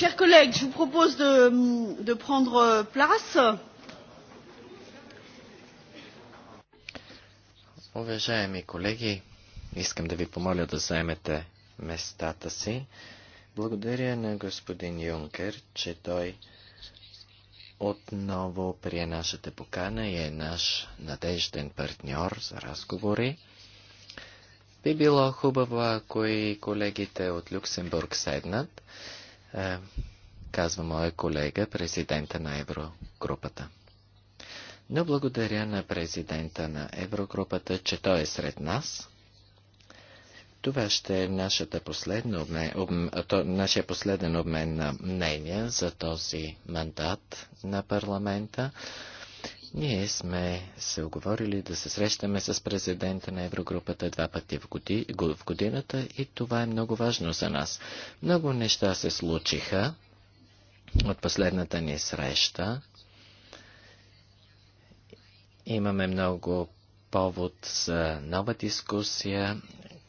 chers collègues je vous propose de, de prendre place. Уважаеми колеги, искам да ви помоля да заемете местата си. Благодаря на господин Юнкер, че той отново прие нашата покана и е наш надежден партньор за разговори. Би било хубаво, ако и колегите от Люксембург седнат казва моя колега, президента на Еврогрупата. Но благодаря на президента на Еврогрупата, че той е сред нас. Това ще е нашата последна обмен, об, то, нашия последен обмен на мнения за този мандат на парламента. Ние сме се оговорили да се срещаме с президента на Еврогрупата два пъти в, годи, в годината и това е много важно за нас. Много неща се случиха от последната ни среща. Имаме много повод за нова дискусия.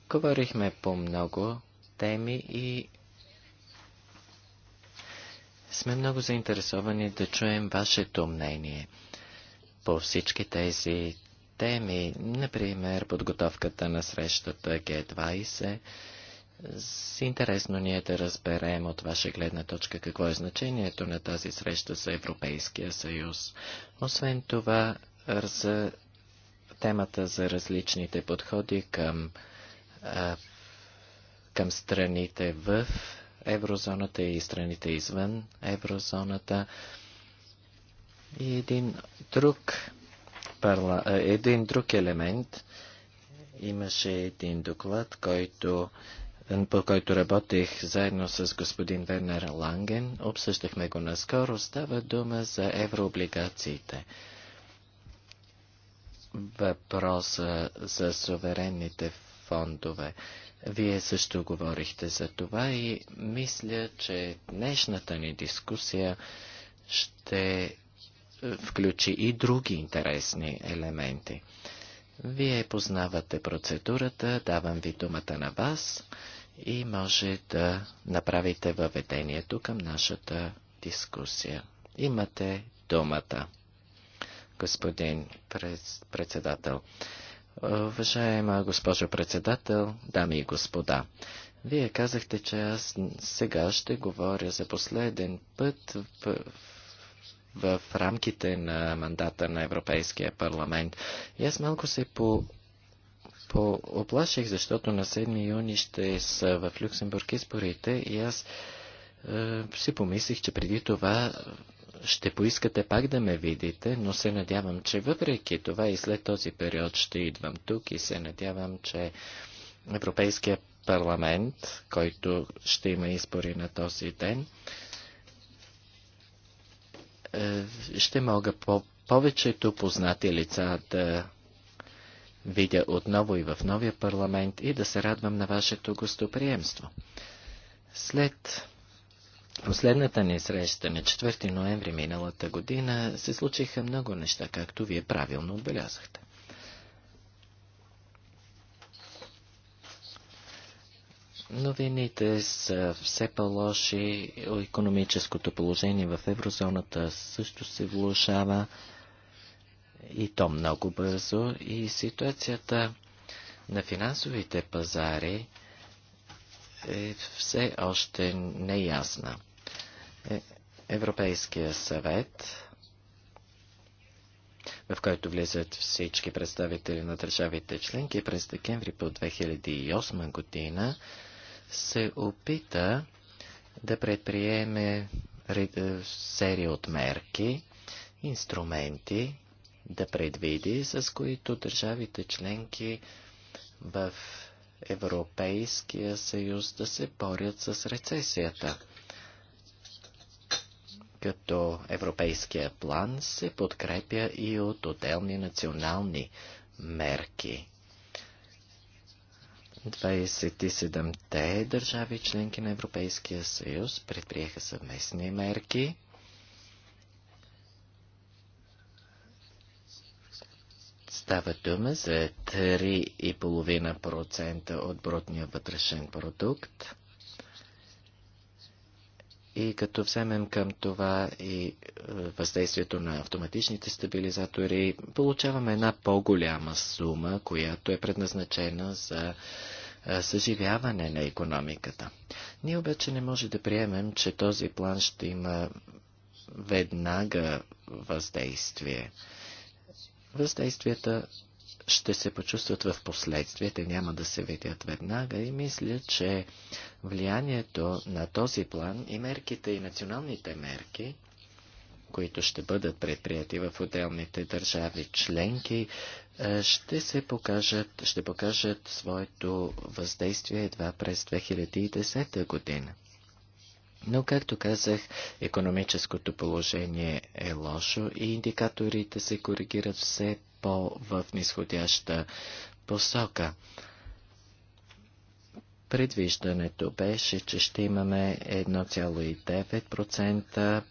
Говорихме по много теми и сме много заинтересовани да чуем вашето мнение по всички тези теми, например подготовката на срещата Г20. С интересно ние да разберем от ваша гледна точка какво е значението на тази среща за Европейския съюз. Освен това, за темата за различните подходи към, а, към страните в еврозоната и страните извън еврозоната. E din друг, парла... един друг елемент. Имаше един доклад, който по който работих заедно с господин Вернер Ланген. Обсъждахме го наскоро. Става дума за еврооблигациите. Въпроса за суверенните фондове. Вие също говорихте за това и мисля, че днешната ни дискусия ще включи и други интересни елементи. Вие познавате процедурата, давам ви думата на вас и може да направите въведението към нашата дискусия. Имате думата, господин председател. Уважаема госпожо председател, дами и господа, вие казахте, че аз сега ще говоря за последен път в, в рамките на мандата на Европейския парламент. И аз малко се по по оплаших, защото на 7 юни ще са в Люксембург изборите и аз е, си помислих, че преди това ще поискате пак да ме видите, но се надявам, че въпреки това и след този период ще идвам тук и се надявам, че Европейския парламент, който ще има избори на този ден, ще мога по повечето познати лица да видя отново и в новия парламент и да се радвам на вашето гостоприемство. След последната ни среща на 4 ноември миналата година се случиха много неща, както вие правилно отбелязахте. Новините са все по-лоши, економическото положение в еврозоната също се влушава и то много бързо и ситуацията на финансовите пазари е все още неясна. Европейския съвет, в който влизат всички представители на държавите членки, през декември по 2008 година се опита да предприеме серия от мерки, инструменти, да предвиди, с които държавите членки в Европейския съюз да се борят с рецесията. Като Европейския план се подкрепя и от отделни национални мерки. 27-те държави членки на Европейския съюз предприеха съвместни мерки. Става дума за 3,5% от брутния вътрешен продукт. И като вземем към това и въздействието на автоматичните стабилизатори, получаваме една по-голяма сума, която е предназначена за съживяване на економиката. Ние обаче не може да приемем, че този план ще има веднага въздействие. Въздействията ще се почувстват в последствие, те няма да се видят веднага и мисля, че влиянието на този план и мерките и националните мерки, които ще бъдат предприяти в отделните държави членки, ще се покажат, ще покажат своето въздействие едва през 2010 година. Но, както казах, економическото положение е лошо и индикаторите се коригират все по в нисходяща посока. Предвиждането беше, че ще имаме 1,9%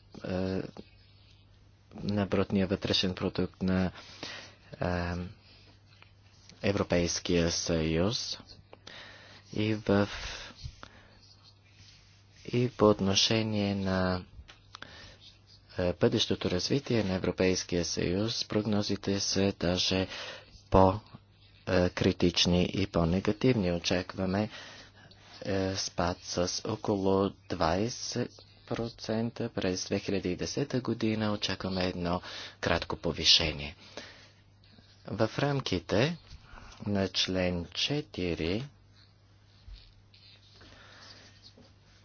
на брутния вътрешен продукт на Европейския съюз и в и по отношение на бъдещото развитие на Европейския съюз, прогнозите са даже по-критични и по-негативни. Очакваме спад с около 20 през 2010 година очакваме едно кратко повишение. В рамките на член 4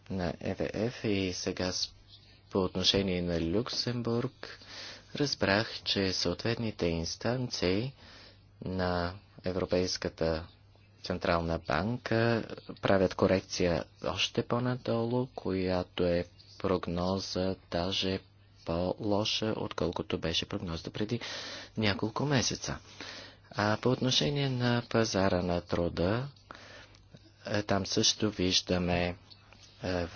на ЕВФ и сега с по отношение на Люксембург разбрах, че съответните инстанции на Европейската Централна банка правят корекция още по-надолу, която е прогноза даже по-лоша, отколкото беше прогнозата преди няколко месеца. А по отношение на пазара на труда, там също виждаме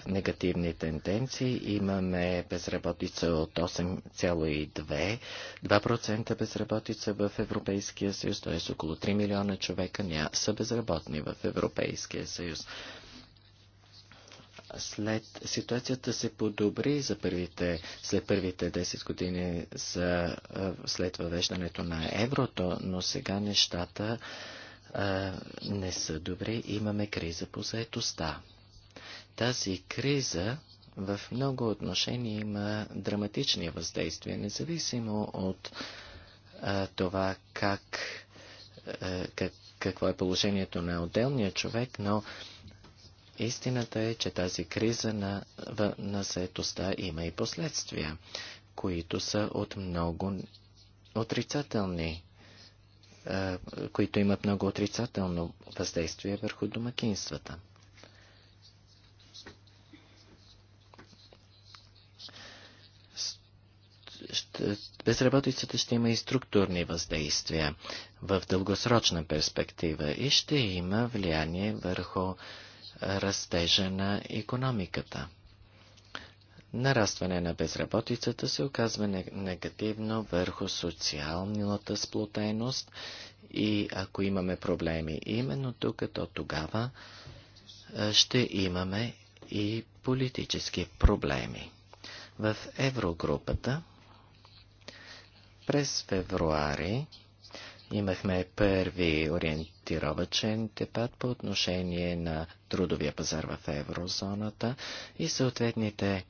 негативни тенденции. Имаме безработица от 8,2%, 2% безработица в Европейския съюз, т.е. около 3 милиона човека ня, са безработни в Европейския съюз. След ситуацията се подобри за първите, след първите 10 години за, след въвеждането на еврото, но сега нещата а, не са добри. Имаме криза по заетостта. Тази криза в много отношения има драматични въздействия, независимо от а, това как, а, как, какво е положението на отделния човек, но истината е, че тази криза на, в, на заетостта има и последствия, които са от много отрицателни които имат много отрицателно въздействие върху домакинствата. безработицата ще има и структурни въздействия в дългосрочна перспектива и ще има влияние върху растежа на економиката. Нарастване на безработицата се оказва негативно върху социалната сплотеност и ако имаме проблеми именно тук, то тогава ще имаме и политически проблеми. В еврогрупата През февруари имахме първи ориентировачен дебат по отношение на трудовия пазар в еврозоната и съответните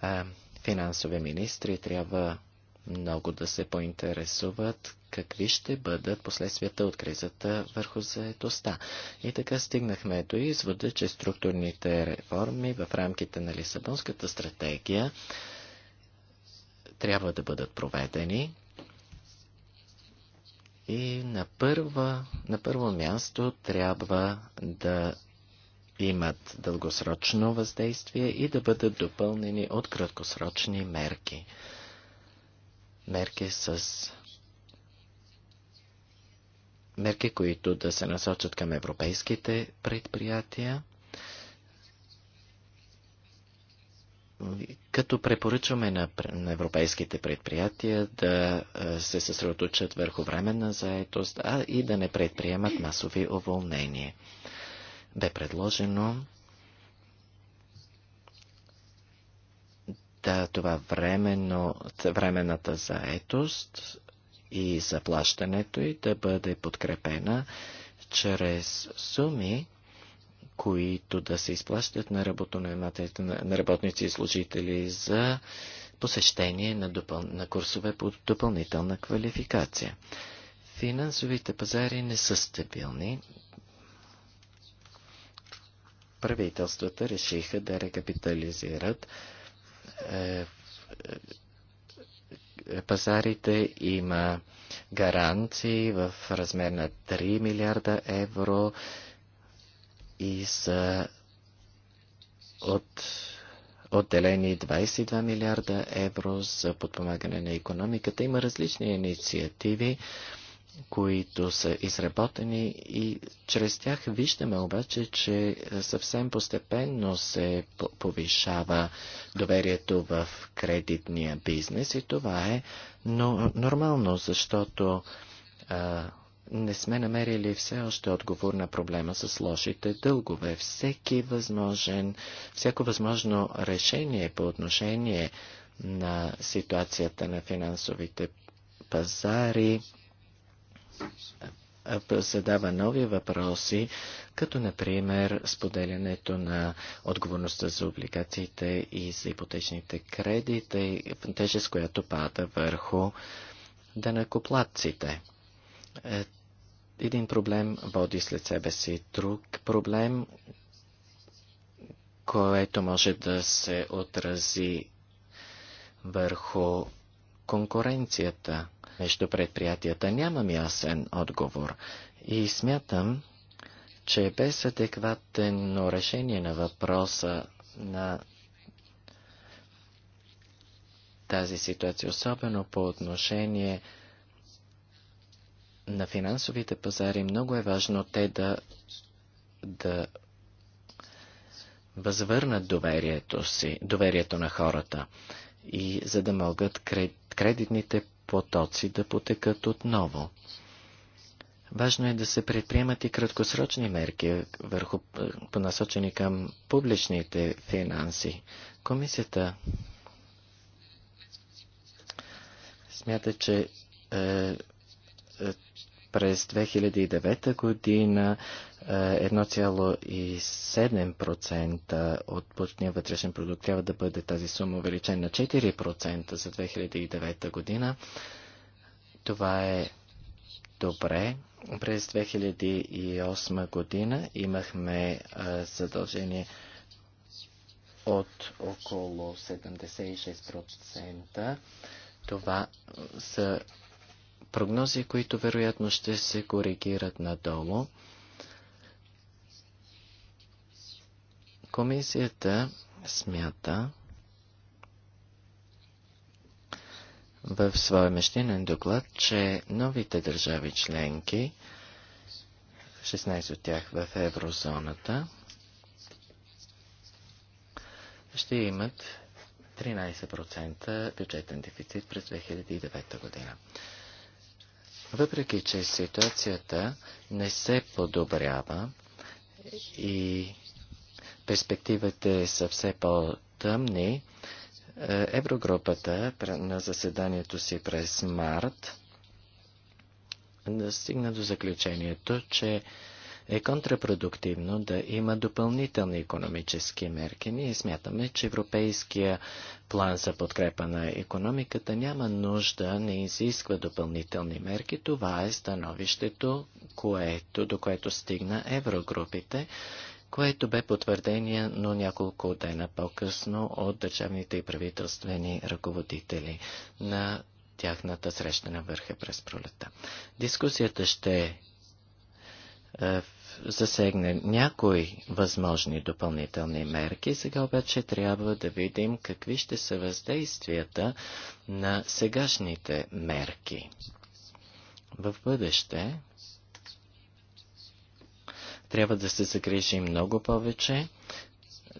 а, финансови министри трябва много да се поинтересуват какви ще бъдат последствията от кризата върху заедостта. И така стигнахме до извода, че структурните реформи в рамките на Лисабонската стратегия трябва да бъдат проведени И на, първа, на първо място трябва да имат дългосрочно въздействие и да бъдат допълнени от краткосрочни мерки. Мерки с мерки, които да се насочат към европейските предприятия като препоръчваме на, на европейските предприятия да се съсредоточат върху временна заетост, а и да не предприемат масови уволнения. Бе предложено да това временно, временната заетост и заплащането и да бъде подкрепена чрез суми, които да се изплащат на, на работници и служители за посещение на, допъл... на курсове по допълнителна квалификация. Финансовите пазари не са стабилни. Правителствата решиха да рекапитализират пазарите. Има гаранции в размер на 3 милиарда евро и са от отделени 22 милиарда евро за подпомагане на економиката. Има различни инициативи, които са изработени и чрез тях виждаме обаче, че съвсем постепенно се повишава доверието в кредитния бизнес и това е но, нормално, защото а, не сме намерили все още отговор на проблема с лошите дългове. Всеки възможен, всяко възможно решение по отношение на ситуацията на финансовите пазари задава нови въпроси, като например споделянето на отговорността за облигациите и за ипотечните кредити, тежест, която пада върху данакоплатците. Един проблем води след себе си друг проблем, което може да се отрази върху конкуренцията между предприятията. Нямам ясен отговор и смятам, че без адекватно решение на въпроса на тази ситуация, особено по отношение на финансовите пазари много е важно те да, да възвърнат доверието си, доверието на хората и за да могат кредитните потоци да потекат отново. Важно е да се предприемат и краткосрочни мерки върху, понасочени към публичните финанси. Комисията смята, че е, е, през 2009 година 1,7% от брутния вътрешен продукт трябва да бъде тази сума увеличена на 4% за 2009 година. Това е добре. През 2008 година имахме задължение от около 76%. Това са прогнози, които вероятно ще се коригират надолу. Комисията смята в своя мещинен доклад, че новите държави членки, 16 от тях в еврозоната, ще имат 13% бюджетен дефицит през 2009 година. Въпреки, че ситуацията не се подобрява и перспективите са все по-тъмни, Еврогрупата на заседанието си през март стигна до заключението, че е контрапродуктивно да има допълнителни економически мерки. Ние смятаме, че Европейския план за подкрепа на економиката няма нужда, не изисква допълнителни мерки. Това е становището, което, до което стигна еврогрупите което бе потвърдение, но няколко дена по-късно от държавните и правителствени ръководители на тяхната среща на върха през пролета. Дискусията ще засегне някои възможни допълнителни мерки. Сега обаче трябва да видим какви ще са въздействията на сегашните мерки. В бъдеще трябва да се загрижи много повече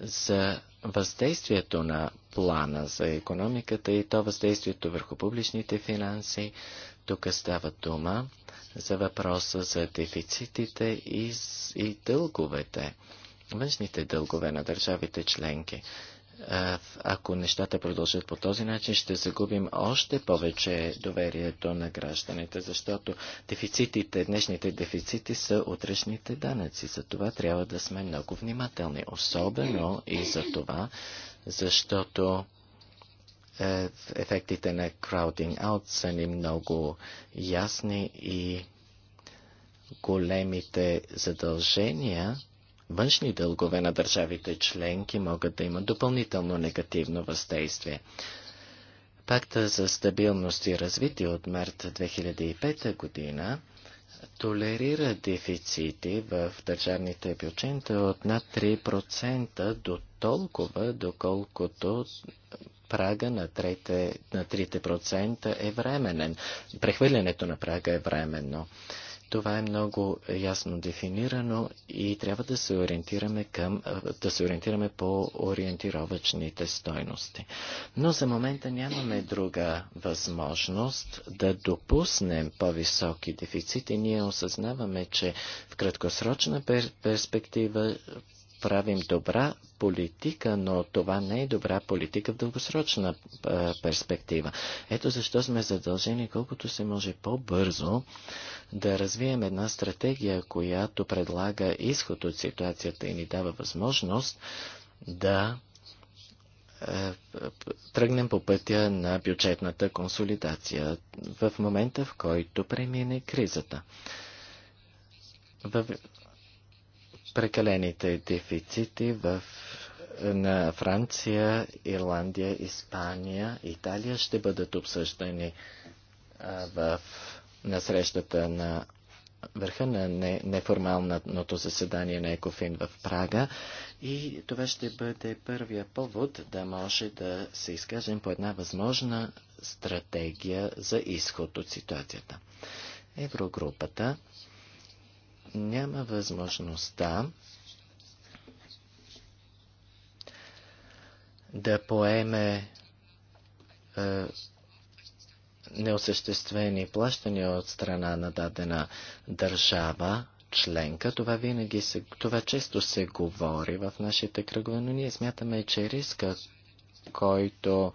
за въздействието на плана за економиката и то въздействието върху публичните финанси. Тук става дума за въпроса за дефицитите и, и дълговете, външните дългове на държавите членки. Ако нещата продължат по този начин, ще загубим още повече доверието на гражданите, защото дефицитите, днешните дефицити са утрешните данъци. За това трябва да сме много внимателни, особено и за това, защото ефектите на crowding out са ни много ясни и големите задължения, външни дългове на държавите членки могат да имат допълнително негативно въздействие. Пакта за стабилност и развитие от март 2005 година толерира дефицити в държавните бюджета от над 3% до толкова, доколкото прага на, трите, на 3% е временен. Прехвърлянето на прага е временно. Това е много ясно дефинирано и трябва да се ориентираме, към, да се ориентираме по ориентировачните стойности. Но за момента нямаме друга възможност да допуснем по-високи дефицити. Ние осъзнаваме, че в краткосрочна перспектива правим добра политика, но това не е добра политика в дългосрочна а, перспектива. Ето защо сме задължени колкото се може по-бързо да развием една стратегия, която предлага изход от ситуацията и ни дава възможност да тръгнем по пътя на бюджетната консолидация в момента, в който премине кризата. В прекалените дефицити в на Франция, Ирландия, Испания, Италия ще бъдат обсъждани в, на срещата на върха на не, неформалното заседание на Екофин в Прага и това ще бъде първия повод да може да се изкажем по една възможна стратегия за изход от ситуацията. Еврогрупата няма възможността да поеме е, неосъществени плащания от страна на дадена държава, членка. Това винаги се, това често се говори в нашите кръгове, но ние смятаме, че риска, който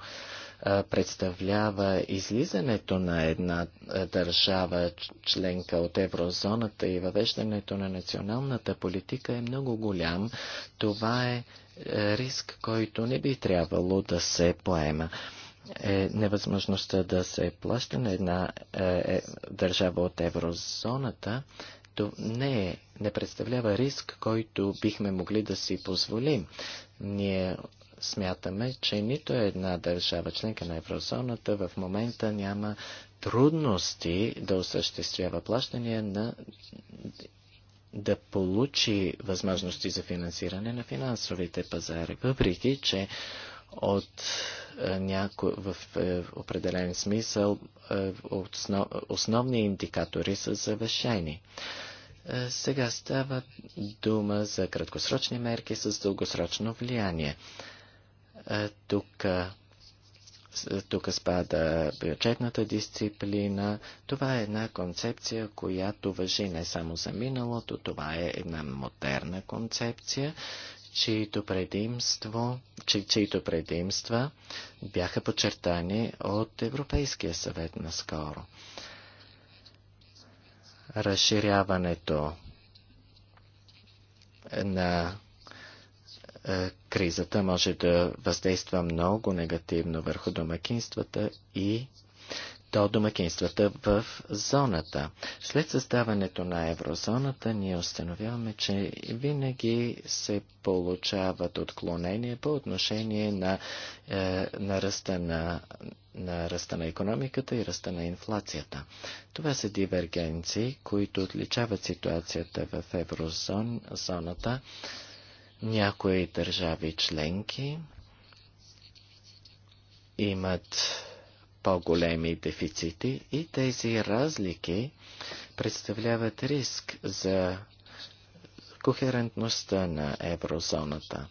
представлява излизането на една държава членка от еврозоната и въвеждането на националната политика е много голям. Това е риск, който не би трябвало да се поема е невъзможността да се плаща на една е, е, държава от еврозоната, то не, е, не представлява риск, който бихме могли да си позволим. Ние смятаме, че нито една държава, членка на еврозоната, в момента няма трудности да осъществява плащания на да получи възможности за финансиране на финансовите пазари, въпреки че от няко... в определен смисъл основни индикатори са завършени. Сега става дума за краткосрочни мерки с дългосрочно влияние. Тук тук спада бюджетната дисциплина. Това е една концепция, която въжи не само за миналото, това е една модерна концепция, чието предимство, чи, чието предимства бяха подчертани от Европейския съвет наскоро. Разширяването на кризата може да въздейства много негативно върху домакинствата и до домакинствата в зоната. След създаването на еврозоната ние установяваме, че винаги се получават отклонения по отношение на, е, на, ръста на, на ръста на економиката и ръста на инфлацията. Това са дивергенции, които отличават ситуацията в еврозоната Еврозон, Някои държави членки имат по-големи дефицити и тези разлики представляват риск за кохерентността на еврозоната.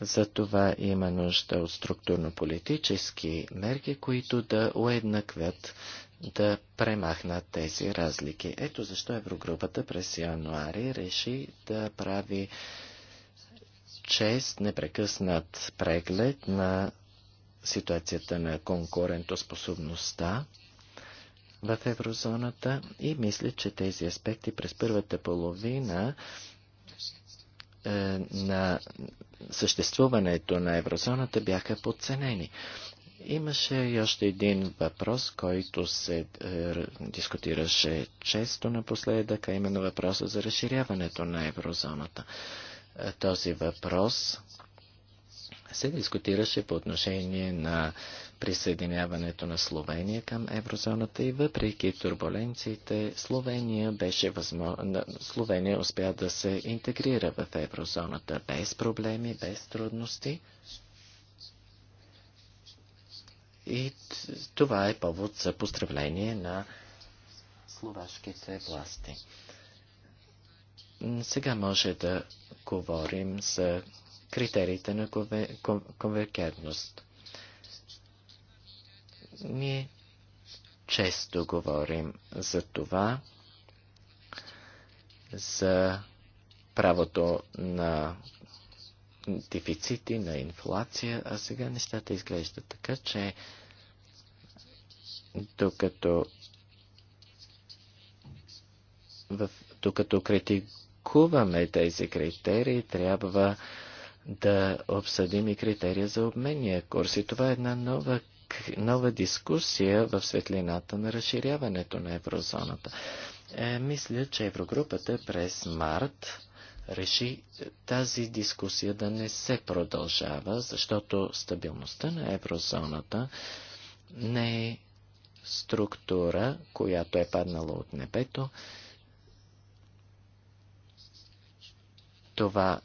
Затова има нужда от структурно-политически мерки, които да уеднаквят, да премахнат тези разлики. Ето защо Еврогрупата през януари реши да прави чест непрекъснат преглед на ситуацията на конкурентоспособността в еврозоната и мисля, че тези аспекти през първата половина е, на съществуването на еврозоната бяха подценени. Имаше и още един въпрос, който се е, дискутираше често напоследък, а именно въпроса за разширяването на еврозоната. Е, този въпрос се дискутираше по отношение на присъединяването на Словения към еврозоната и въпреки турбуленциите, Словения, беше възможно... Словения успя да се интегрира в еврозоната без проблеми, без трудности. И това е повод за поздравление на словашките власти. Сега може да говорим за критериите на конвергентност. Ние често говорим за това, за правото на дефицити, на инфлация, а сега нещата изглеждат така, че докато в, докато критик тълкуваме тези критерии, трябва да обсъдим и критерия за обмения курс. И това е една нова, нова дискусия в светлината на разширяването на еврозоната. Е, мисля, че еврогрупата през март реши тази дискусия да не се продължава, защото стабилността на еврозоната не е структура, която е паднала от небето, Това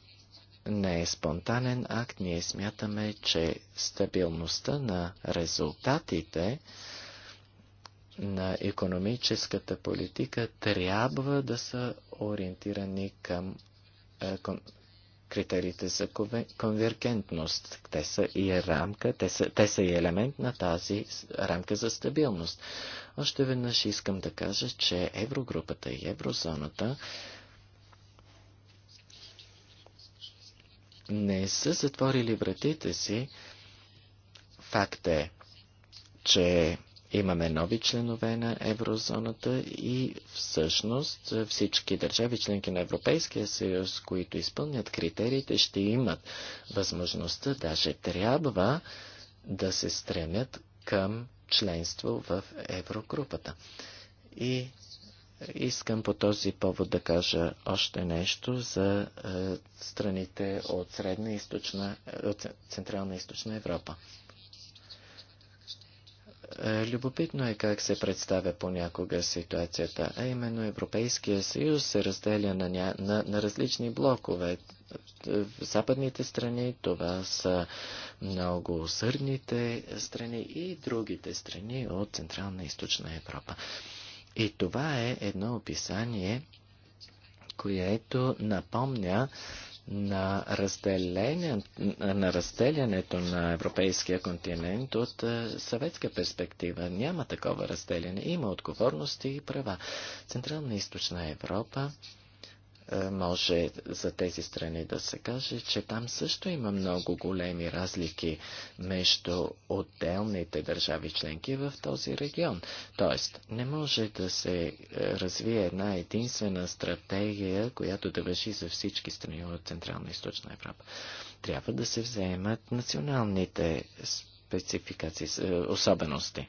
не е спонтанен акт. Ние смятаме, че стабилността на резултатите на економическата политика трябва да са ориентирани към е, кон, критериите за конвергентност. Те са и рамка, те са, те са и елемент на тази рамка за стабилност. Още веднъж искам да кажа, че еврогрупата и еврозоната не са затворили вратите си. Факт е, че имаме нови членове на еврозоната и всъщност всички държави, членки на Европейския съюз, които изпълнят критериите, ще имат възможността, даже трябва да се стремят към членство в еврогрупата. И Искам по този повод да кажа още нещо за е, страните от Средна и Източна, от Централна и Източна Европа. Е, любопитно е как се представя понякога ситуацията, а именно Европейския съюз се разделя на, ня... на, на различни блокове. В западните страни това са много усърдните страни и другите страни от Централна и Източна Европа. И това е едно описание, което напомня на, разделение, на разделянето на европейския континент от съветска перспектива. Няма такова разделяне. Има отговорности и права. Централна и източна Европа може за тези страни да се каже, че там също има много големи разлики между отделните държави членки в този регион. Тоест, не може да се развие една единствена стратегия, която да въжи за всички страни от Централна и Източна Европа. Трябва да се вземат националните спецификации, особености.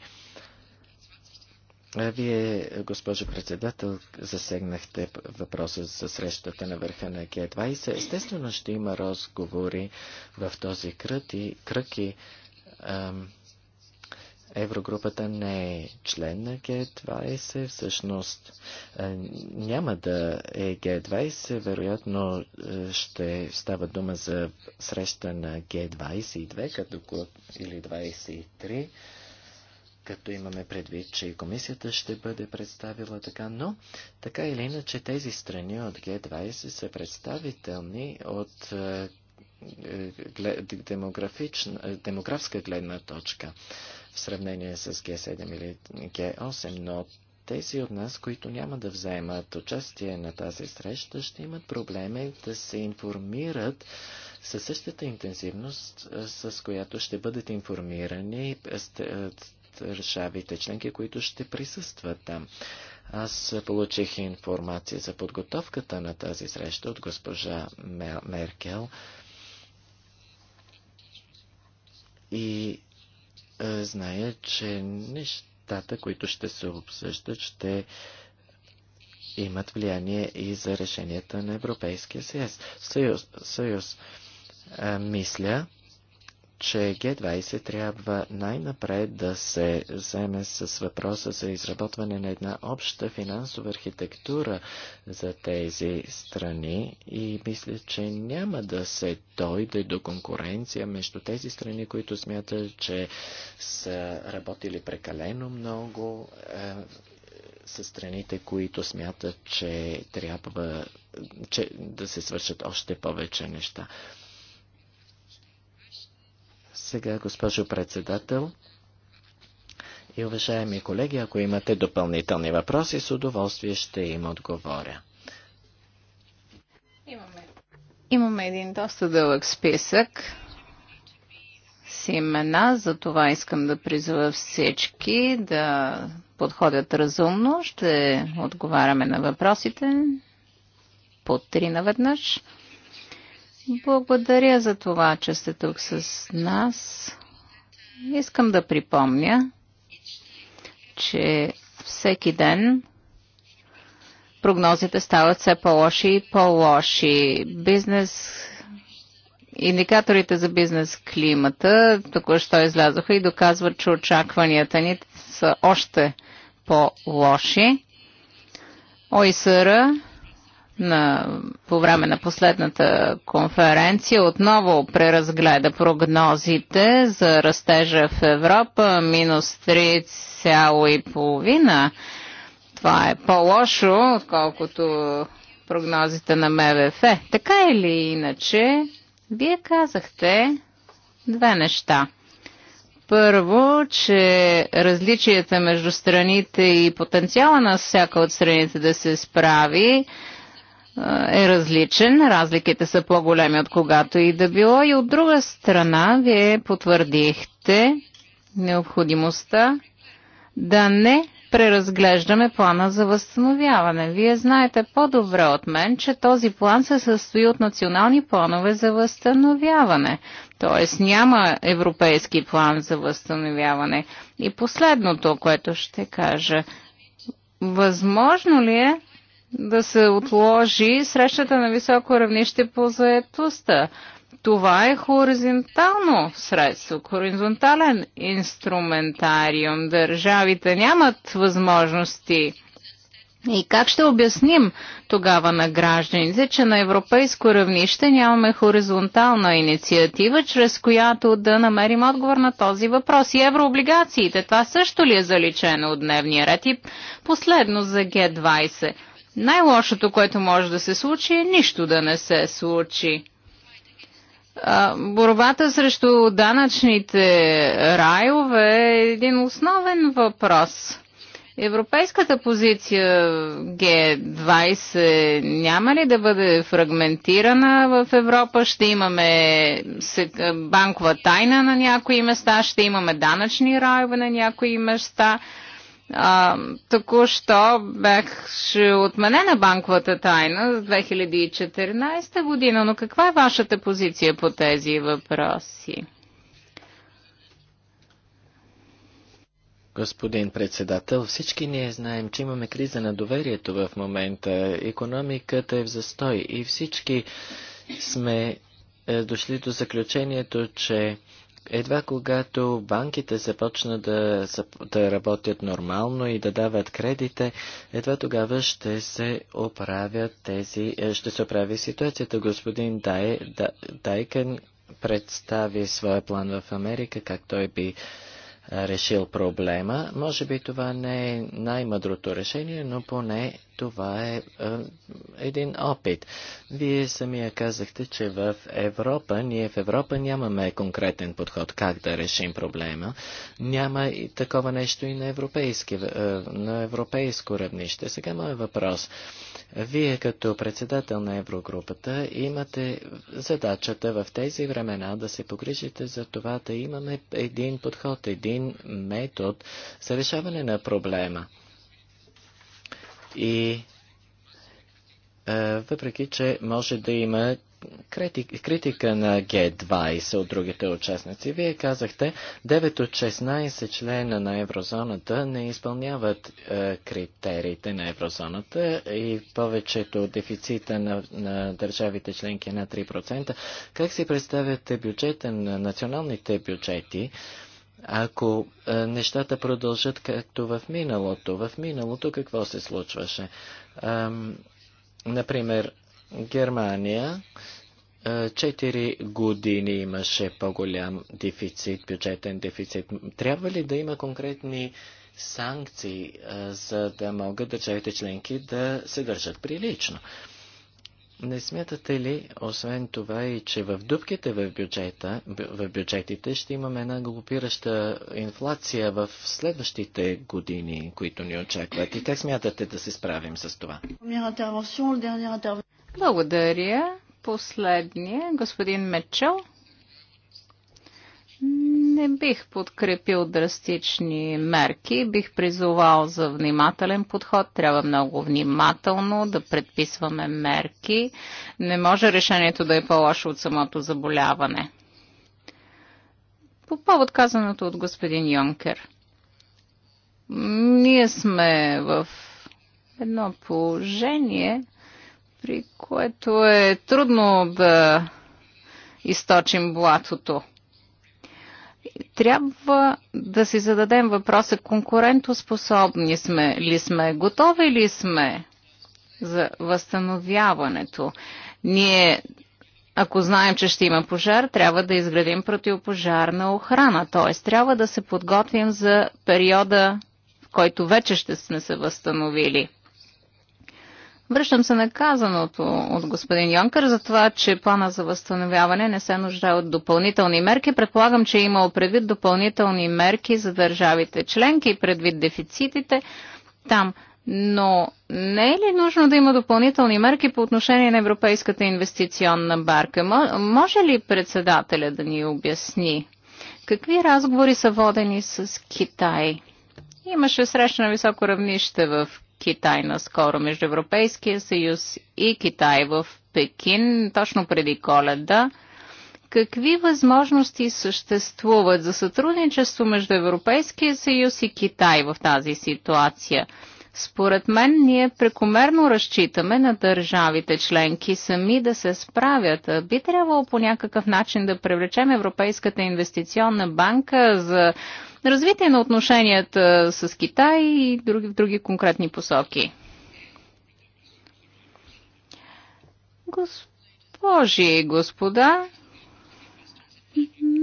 Вие, госпожо председател, засегнахте въпроса за срещата на върха на Г20. Естествено ще има разговори в този кръг и, кръки. Еврогрупата не е член на Г20, всъщност няма да е Г20, вероятно ще става дума за среща на Г22 като, или 23 като имаме предвид, че и комисията ще бъде представила така, но така или иначе тези страни от Г20 са представителни от демографска гледна точка в сравнение с Г7 или Г8, но тези от нас, които няма да вземат участие на тази среща, ще имат проблеми да се информират със същата интензивност, с която ще бъдат информирани държавите членки, които ще присъстват там. Аз получих информация за подготовката на тази среща от госпожа Меркел и е, зная, че нещата, които ще се обсъждат, ще имат влияние и за решенията на Европейския съюз. Съюз, Е, мисля, че Г20 трябва най-напред да се вземе с въпроса за изработване на една обща финансова архитектура за тези страни и мисля, че няма да се дойде до конкуренция между тези страни, които смятат, че са работили прекалено много е, с страните, които смятат, че трябва че, да се свършат още повече неща. Сега, госпожо председател и уважаеми колеги, ако имате допълнителни въпроси, с удоволствие ще им отговоря. Имаме, Имаме един доста дълъг списък с имена, за това искам да призова всички да подходят разумно. Ще отговаряме на въпросите по три наведнъж. Благодаря за това, че сте тук с нас. Искам да припомня, че всеки ден прогнозите стават все по-лоши и по-лоши. Бизнес Индикаторите за бизнес климата току-що излязоха и доказват, че очакванията ни са още по-лоши. ОИСР на, по време на последната конференция отново преразгледа прогнозите за растежа в Европа минус 3,5. Това е по-лошо, отколкото прогнозите на МВФ. Така или иначе, вие казахте две неща. Първо, че различията между страните и потенциала на всяка от страните да се справи е различен, разликите са по-големи от когато и да било. И от друга страна, вие потвърдихте необходимостта да не преразглеждаме плана за възстановяване. Вие знаете по-добре от мен, че този план се състои от национални планове за възстановяване. Тоест няма европейски план за възстановяване. И последното, което ще кажа, възможно ли е да се отложи срещата на високо равнище по заедостта. Това е хоризонтално средство, хоризонтален инструментариум. Държавите нямат възможности. И как ще обясним тогава на гражданите, че на европейско равнище нямаме хоризонтална инициатива, чрез която да намерим отговор на този въпрос? И еврооблигациите, това също ли е заличено от дневния ред? И последно за Г20. Най-лошото, което може да се случи, е нищо да не се случи. Борбата срещу данъчните райове е един основен въпрос. Европейската позиция Г20 няма ли да бъде фрагментирана в Европа? Ще имаме банкова тайна на някои места, ще имаме данъчни райове на някои места. Току-що беше отменена банковата тайна с 2014 година, но каква е вашата позиция по тези въпроси? Господин председател, всички ние знаем, че имаме криза на доверието в момента. Економиката е в застой и всички сме дошли до заключението, че едва когато банките започнат да, да работят нормално и да дават кредите, едва тогава ще се оправят тези, ще се оправи ситуацията. Господин Дай, Дай, Дайкен представи своя план в Америка, как той би решил проблема. Може би това не е най-мъдрото решение, но поне това е, е един опит. Вие самия казахте, че в Европа, ние в Европа нямаме конкретен подход как да решим проблема. Няма и такова нещо и на, европейски, е, на европейско равнище. Сега моят въпрос. Вие като председател на Еврогрупата имате задачата в тези времена да се погрижите за това да имаме един подход, един метод за решаване на проблема. И въпреки, че може да има критик, критика на Г20 от другите участници, вие казахте, 9 от 16 члена на еврозоната не изпълняват е, критериите на еврозоната и повечето дефицита на, на държавите членки на 3%. Как си представяте бюджета на националните бюджети? Е, ако нещата продължат както в миналото. В миналото какво се случваше? Например, Германия четири години имаше по-голям дефицит, бюджетен дефицит. Трябва ли да има конкретни санкции, за да могат държавите членки да се държат прилично? Не смятате ли, освен това и че в дупките в, бюджета, в бюджетите ще имаме една глупираща инфлация в следващите години, които ни очакват? И как смятате да се справим с това? Благодаря. Последния, господин Мечел. Не бих подкрепил драстични мерки, бих призовал за внимателен подход. Трябва много внимателно да предписваме мерки. Не може решението да е по-лошо от самото заболяване. По повод казаното от господин Йонкер. Ние сме в едно положение, при което е трудно да източим блатото трябва да си зададем въпроса конкурентоспособни сме ли сме, готови ли сме за възстановяването. Ние, ако знаем, че ще има пожар, трябва да изградим противопожарна охрана, т.е. трябва да се подготвим за периода, в който вече ще сме се възстановили. Връщам се на казаното от господин Йонкър за това, че плана за възстановяване не се нуждае от допълнителни мерки. Предполагам, че е имал предвид допълнителни мерки за държавите членки, предвид дефицитите там. Но не е ли нужно да има допълнителни мерки по отношение на Европейската инвестиционна барка? Може ли председателя да ни обясни какви разговори са водени с Китай? Имаше среща на високо равнище в Китай наскоро между Европейския съюз и Китай в Пекин, точно преди коледа. Какви възможности съществуват за сътрудничество между Европейския съюз и Китай в тази ситуация? Според мен ние прекомерно разчитаме на държавите членки сами да се справят. Би трябвало по някакъв начин да привлечем Европейската инвестиционна банка за на развитие на отношенията с Китай и други, в други конкретни посоки. Госпожи и господа,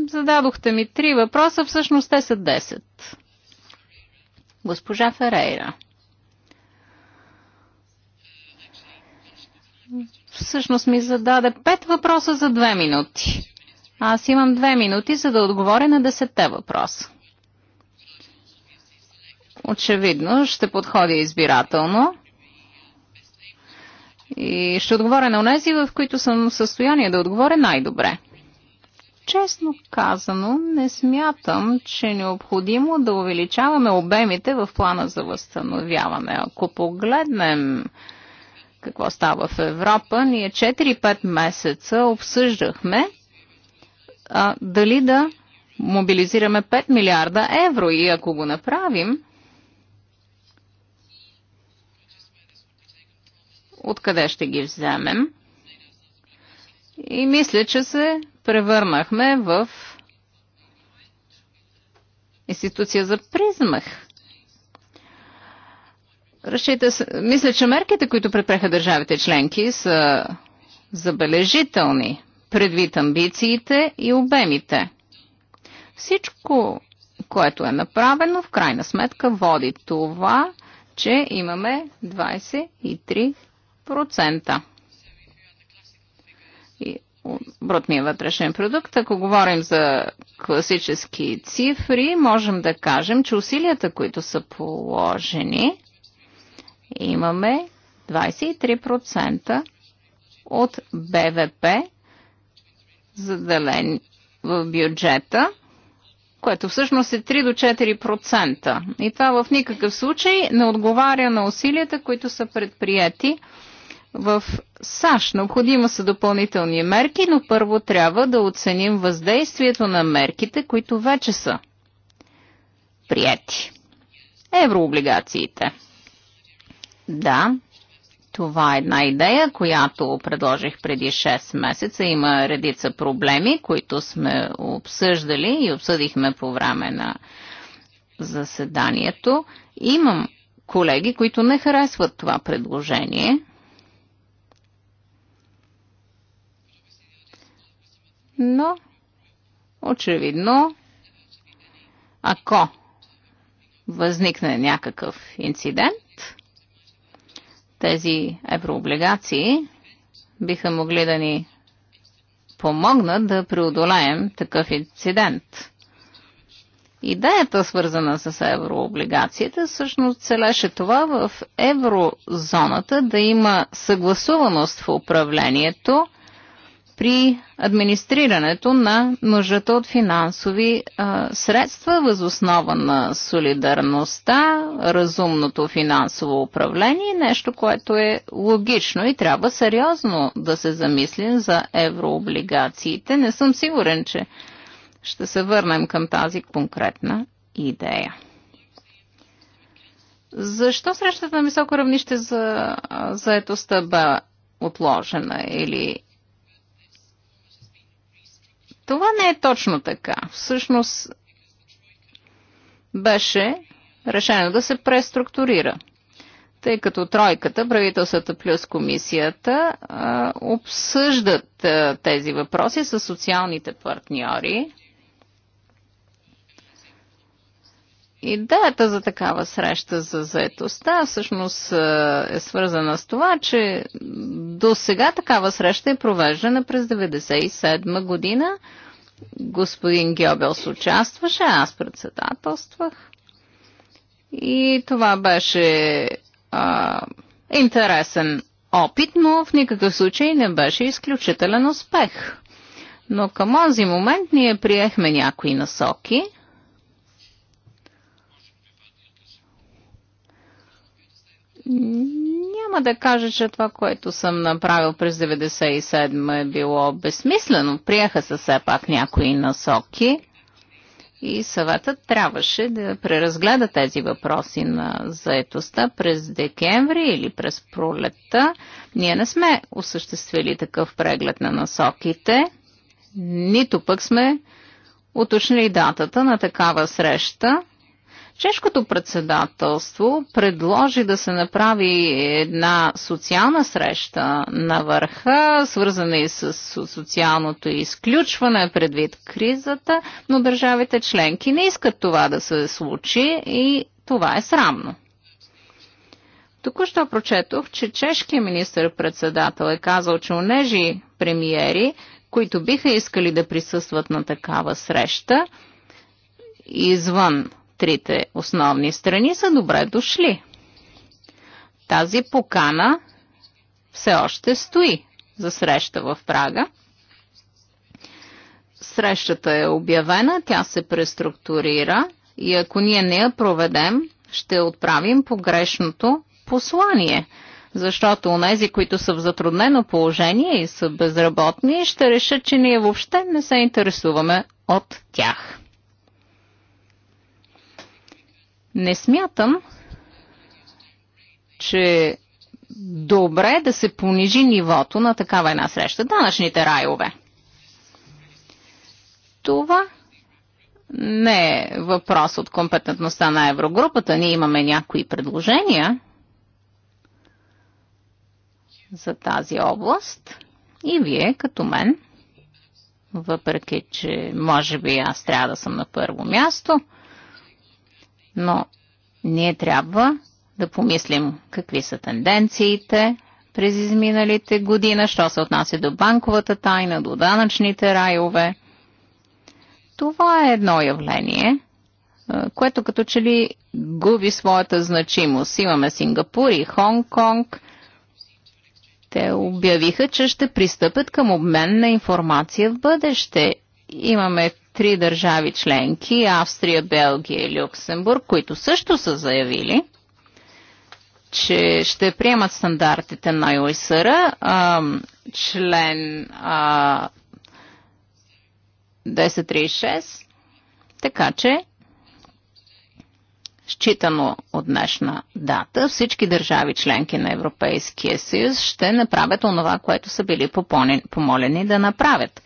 зададохте ми три въпроса, всъщност те са 10. Госпожа Ферейра. Всъщност ми зададе пет въпроса за две минути. Аз имам две минути, за да отговоря на десетте въпроса очевидно ще подходя избирателно и ще отговоря на унези, в които съм в състояние да отговоря най-добре. Честно казано, не смятам, че е необходимо да увеличаваме обемите в плана за възстановяване. Ако погледнем какво става в Европа, ние 4-5 месеца обсъждахме а, дали да мобилизираме 5 милиарда евро и ако го направим, откъде ще ги вземем. И мисля, че се превърнахме в институция за призмах. Решите, мисля, че мерките, които предпреха държавите членки, са забележителни предвид амбициите и обемите. Всичко, което е направено, в крайна сметка води това, че имаме 23 2%. И брутния вътрешен продукт. Ако говорим за класически цифри, можем да кажем, че усилията, които са положени, имаме 23% от БВП заделен в бюджета, което всъщност е 3 до 4%. И това в никакъв случай не отговаря на усилията, които са предприяти в САЩ. Необходимо са допълнителни мерки, но първо трябва да оценим въздействието на мерките, които вече са прияти. Еврооблигациите. Да, това е една идея, която предложих преди 6 месеца. Има редица проблеми, които сме обсъждали и обсъдихме по време на заседанието. Имам колеги, които не харесват това предложение. Но, очевидно, ако възникне някакъв инцидент, тези еврооблигации биха могли да ни помогнат да преодолеем такъв инцидент. Идеята, свързана с еврооблигацията, всъщност целеше това в еврозоната да има съгласуваност в управлението при администрирането на нуждата от финансови а, средства, възоснова на солидарността, разумното финансово управление, нещо, което е логично и трябва сериозно да се замислим за еврооблигациите. Не съм сигурен, че ще се върнем към тази конкретна идея. Защо срещата на високо равнище за заетостта бе отложена или Това не е точно така. Всъщност беше решено да се преструктурира тъй като тройката, правителствата плюс комисията, обсъждат тези въпроси с социалните партньори Идеята за такава среща за заетостта всъщност е свързана с това, че до сега такава среща е провеждана през 1997 година. Господин Геобелс участваше, аз председателствах. И това беше а, интересен опит, но в никакъв случай не беше изключителен успех. Но към онзи момент ние приехме някои насоки – Няма да кажа, че това, което съм направил през 1997 е било безсмислено. Приеха се все пак някои насоки и съветът трябваше да преразгледа тези въпроси на заетостта през декември или през пролетта. Ние не сме осъществили такъв преглед на насоките, нито пък сме уточнили датата на такава среща Чешкото председателство предложи да се направи една социална среща на върха, свързана и с социалното изключване предвид кризата, но държавите членки не искат това да се случи и това е срамно. Току-що прочетох, че чешкият министр-председател е казал, че онежи премиери, които биха искали да присъстват на такава среща, извън трите основни страни са добре дошли. Тази покана все още стои за среща в Прага. Срещата е обявена, тя се преструктурира и ако ние не я проведем, ще отправим погрешното послание – защото онези, които са в затруднено положение и са безработни, ще решат, че ние въобще не се интересуваме от тях. Не смятам, че добре да се понижи нивото на такава една среща. Данъчните райове. Това не е въпрос от компетентността на Еврогрупата. Ние имаме някои предложения за тази област и вие, като мен, въпреки че може би аз трябва да съм на първо място, Но ние трябва да помислим какви са тенденциите през изминалите година, що се отнася до банковата тайна, до данъчните райове. Това е едно явление, което като че ли губи своята значимост. Имаме Сингапур и Хонг-Конг. Те обявиха, че ще пристъпят към обмен на информация в бъдеще. Имаме три държави членки Австрия, Белгия и Люксембург, които също са заявили, че ще приемат стандартите на ОИСР, член а, 1036, така че считано от днешна дата, всички държави членки на Европейския съюз ще направят онова, което са били помолени да направят.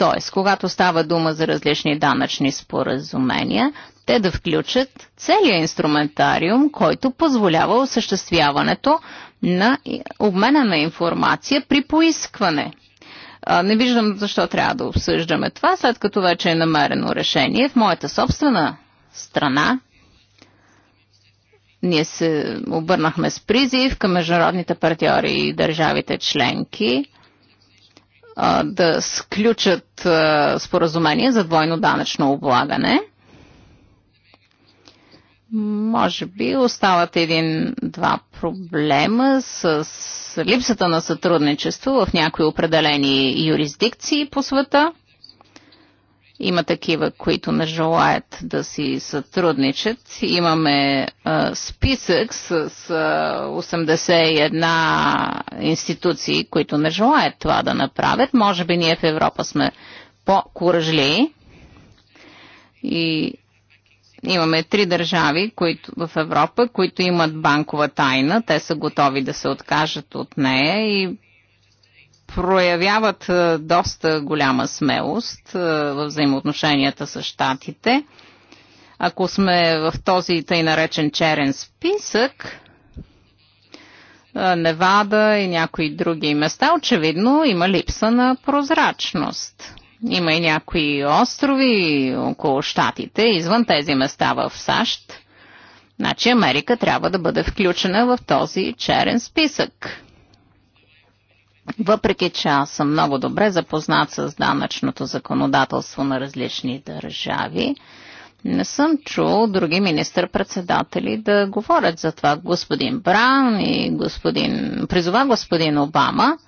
Тоест, когато става дума за различни данъчни споразумения, те да включат целият инструментариум, който позволява осъществяването на обмена на информация при поискване. Не виждам защо трябва да обсъждаме това, след като вече е намерено решение. В моята собствена страна ние се обърнахме с призив към международните партньори и държавите членки – да сключат споразумение за двойно данъчно облагане. Може би остават един-два проблема с липсата на сътрудничество в някои определени юрисдикции по света – Има такива, които не желаят да си сътрудничат. Имаме а, списък с, а, 81 институции, които не желаят това да направят. Може би ние в Европа сме по-куражли и имаме три държави които, в Европа, които имат банкова тайна. Те са готови да се откажат от нея и проявяват доста голяма смелост в взаимоотношенията с щатите. Ако сме в този тъй наречен черен списък, Невада и някои други места, очевидно има липса на прозрачност. Има и някои острови около щатите, извън тези места в САЩ. Значи Америка трябва да бъде включена в този черен списък въпреки че аз съм много добре запознат с данъчното законодателство на различни държави, не съм чул други министър-председатели да говорят за това. Господин Бран и господин... призова господин Обама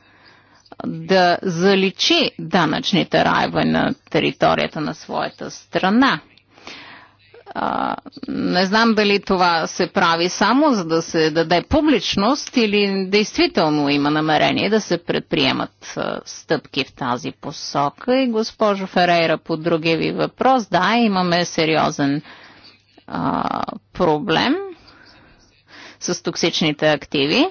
да заличи данъчните райове на територията на своята страна не знам дали това се прави само за да се даде публичност или действително има намерение да се предприемат стъпки в тази посока. И госпожо Ферейра, по другия ви въпрос, да, имаме сериозен а, проблем с токсичните активи.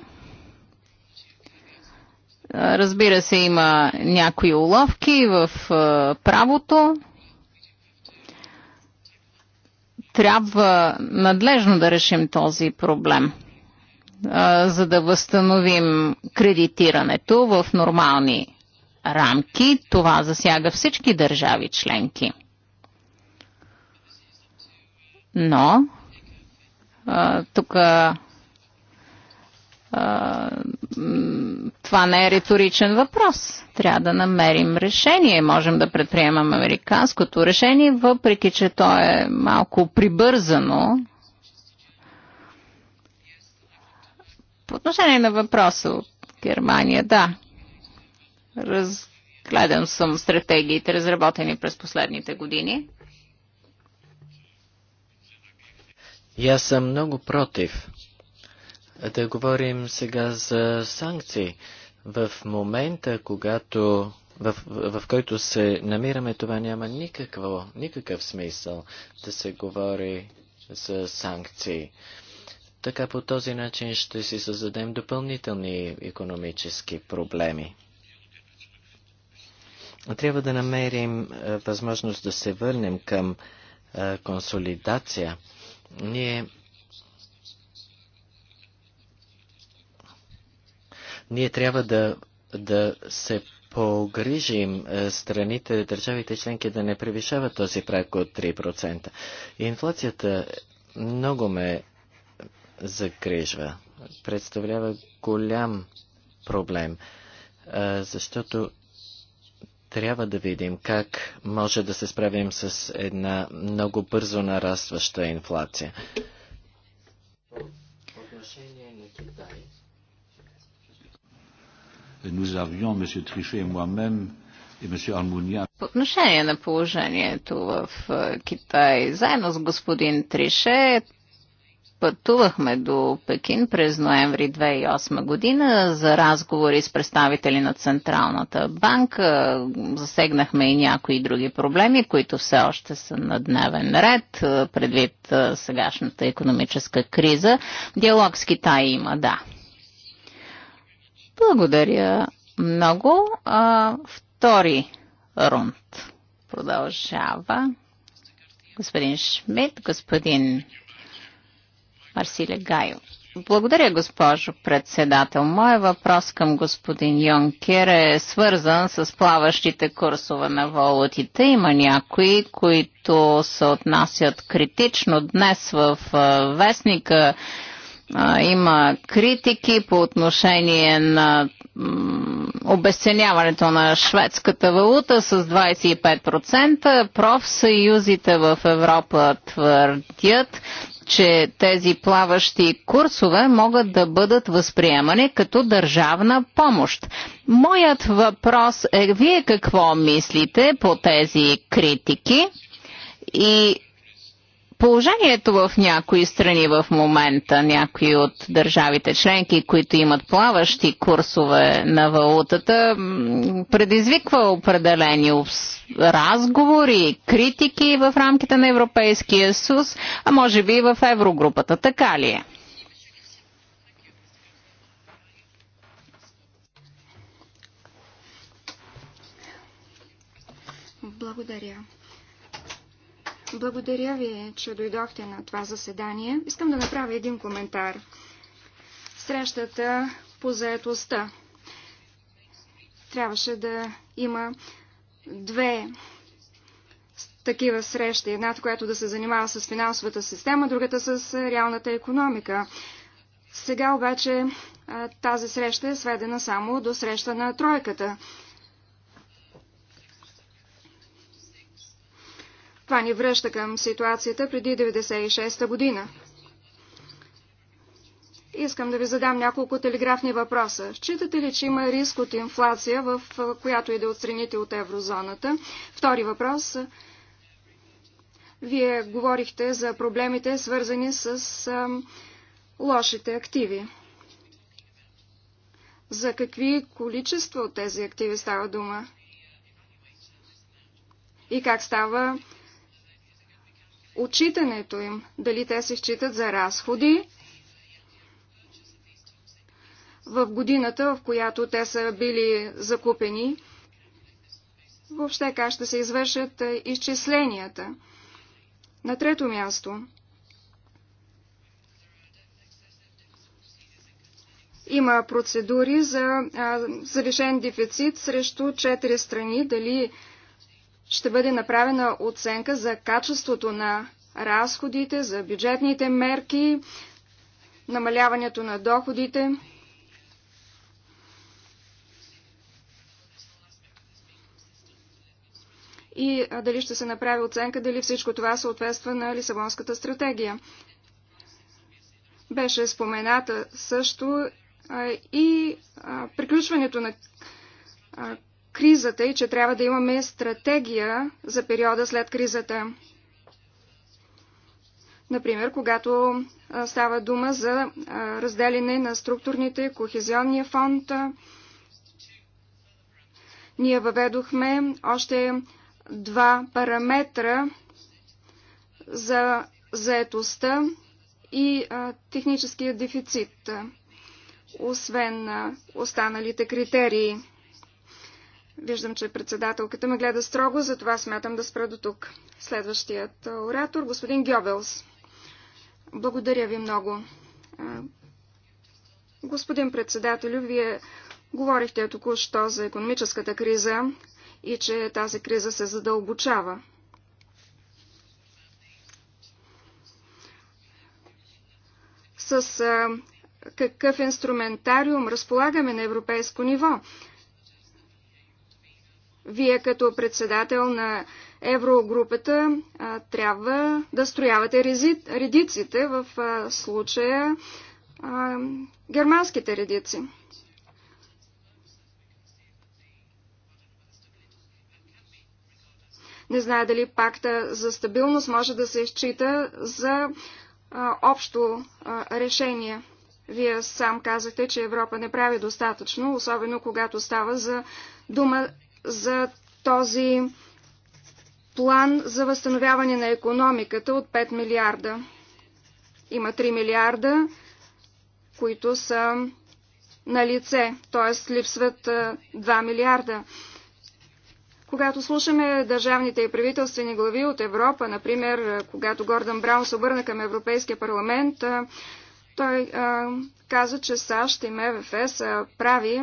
Разбира се, има някои уловки в правото трябва надлежно да решим този проблем, за да възстановим кредитирането в нормални рамки. Това засяга всички държави членки. Но тук това не е риторичен въпрос. Трябва да намерим решение. Можем да предприемам американското решение, въпреки че то е малко прибързано. По отношение на въпроса от Германия, да. Разгледам съм стратегиите, разработени през последните години. Я съм много против да говорим сега за санкции. В момента, когато в, в, в който се намираме, това няма никакво, никакъв смисъл да се говори за санкции. Така по този начин ще си създадем допълнителни економически проблеми. Трябва да намерим възможност да се върнем към консолидация. Ние Ние трябва да, да се погрижим страните, държавите членки да не превишават този прак от 3%. Инфлацията много ме загрижва. Представлява голям проблем, защото трябва да видим как може да се справим с една много бързо нарастваща инфлация. По отношение nous avions, M. Trichet et moi-même, et M. Almunia. По отношение на положението в Китай, заедно с господин Трише пътувахме до Пекин през ноември 2008 година за разговори с представители на Централната банка. Засегнахме и някои други проблеми, които все още са на дневен ред, предвид сегашната економическа криза. Диалог с Китай има, да. Благодаря много. А, втори рунд продължава. Господин Шмидт, господин Марсиле Гайо. Благодаря, госпожо председател. Моя въпрос към господин Йонкер е свързан с плаващите курсове на валутите. Има някои, които се отнасят критично днес в вестника има критики по отношение на обесценяването на шведската валута с 25%. Профсъюзите в Европа твърдят, че тези плаващи курсове могат да бъдат възприемани като държавна помощ. Моят въпрос е, вие какво мислите по тези критики? И положението в някои страни в момента, някои от държавите членки, които имат плаващи курсове на валутата, предизвиква определени разговори, критики в рамките на Европейския съюз, а може би и в еврогрупата. Така ли е? Благодаря. Благодаря ви, че дойдохте на това заседание. Искам да направя един коментар. Срещата по заетостта. Трябваше да има две такива срещи. Едната, която да се занимава с финансовата система, другата с реалната економика. Сега обаче тази среща е сведена само до среща на тройката. Това ни връща към ситуацията преди 1996 година. Искам да ви задам няколко телеграфни въпроса. Считате ли, че има риск от инфлация, в която и да отстраните от еврозоната? Втори въпрос. Вие говорихте за проблемите, свързани с а, лошите активи. За какви количества от тези активи става дума? И как става учитането им, дали те се считат за разходи в годината, в която те са били закупени, въобще как ще се извършат изчисленията. На трето място има процедури за завишен дефицит срещу четири страни, дали ще бъде направена оценка за качеството на разходите, за бюджетните мерки, намаляването на доходите. И дали ще се направи оценка, дали всичко това съответства на Лисабонската стратегия. Беше спомената също и приключването на кризата и че трябва да имаме стратегия за периода след кризата. Например, когато става дума за разделяне на структурните, кохезионния фонд, ние въведохме още два параметра за заетостта и техническия дефицит, освен останалите критерии. Виждам, че председателката ме гледа строго, затова смятам да спра до тук. Следващият оратор, господин Гьобелс. Благодаря ви много. Господин председател, вие говорихте току-що за економическата криза и че тази криза се задълбочава. С какъв инструментариум разполагаме на европейско ниво? Вие като председател на еврогрупата трябва да строявате редиците в случая германските редици. Не знае дали пакта за стабилност може да се изчита за а, общо а, решение. Вие сам казахте, че Европа не прави достатъчно, особено когато става за дума за този план за възстановяване на економиката от 5 милиарда. Има 3 милиарда, които са на лице, т.е. липсват 2 милиарда. Когато слушаме държавните и правителствени глави от Европа, например, когато Гордън Браун се обърна към Европейския парламент, той а, каза, че САЩ и МВФ са прави,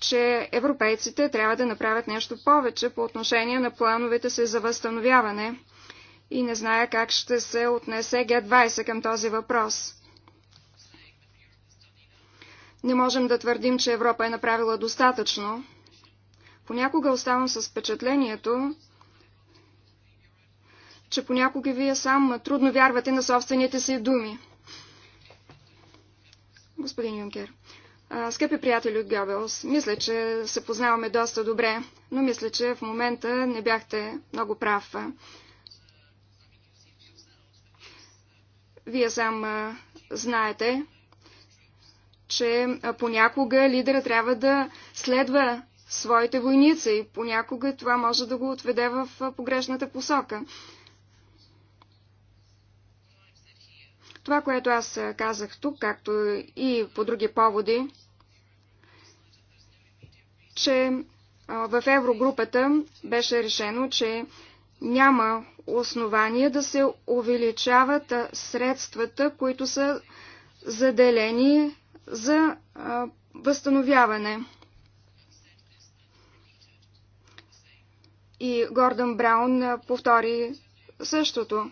че европейците трябва да направят нещо повече по отношение на плановете си за възстановяване и не зная как ще се отнесе Г20 към този въпрос. Не можем да твърдим, че Европа е направила достатъчно. Понякога оставам с впечатлението, че понякога вие сам трудно вярвате на собствените си думи. Господин Юнкер. Скъпи приятелю Гьобелс, мисля, че се познаваме доста добре, но мисля, че в момента не бяхте много прав. Вие сам знаете, че понякога лидера трябва да следва своите войници и понякога това може да го отведе в погрешната посока. Това, което аз казах тук, както и по други поводи, че в Еврогрупата беше решено, че няма основания да се увеличават средствата, които са заделени за възстановяване. И Гордън Браун повтори същото.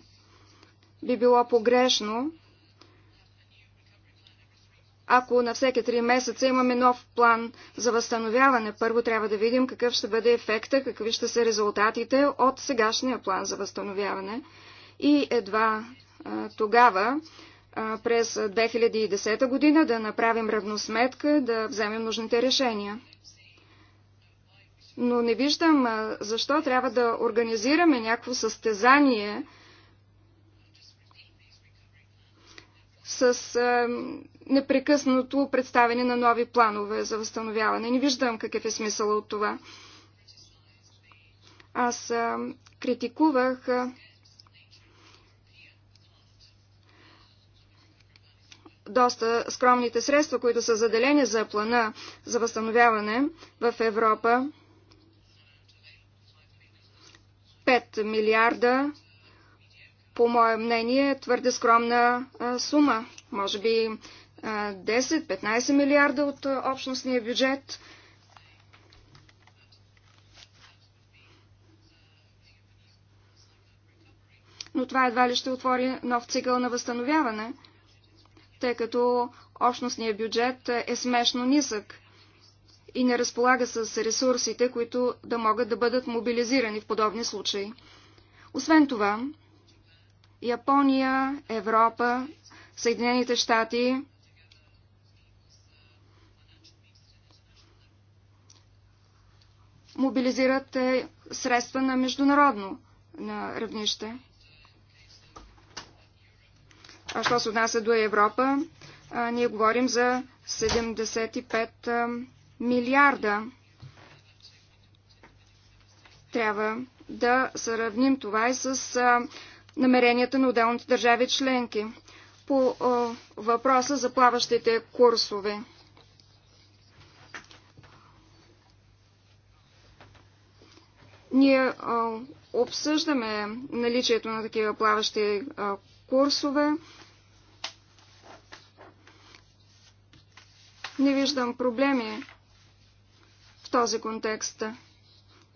Би било погрешно, ако на всеки три месеца имаме нов план за възстановяване. Първо трябва да видим какъв ще бъде ефекта, какви ще са резултатите от сегашния план за възстановяване. И едва а, тогава, а, през 2010 година, да направим равносметка, да вземем нужните решения но не виждам защо трябва да организираме някакво състезание с а, непрекъснато представяне на нови планове за възстановяване. Не виждам какъв е смисъл от това. Аз а, критикувах а, доста скромните средства, които са заделени за плана за възстановяване в Европа. 5 милиарда по мое мнение, твърде скромна а, сума. Може би 10-15 милиарда от а, общностния бюджет. Но това едва ли ще отвори нов цикъл на възстановяване, тъй като общностният бюджет е смешно нисък и не разполага с ресурсите, които да могат да бъдат мобилизирани в подобни случаи. Освен това, Япония, Европа, Съединените щати. мобилизират средства на международно на равнище. А що се отнася до Европа, а, ние говорим за 75 а, милиарда. Трябва да сравним това и с а, намеренията на отделните държави членки по а, въпроса за плаващите курсове. Ние а, обсъждаме наличието на такива плаващи а, курсове. Не виждам проблеми в този контекст.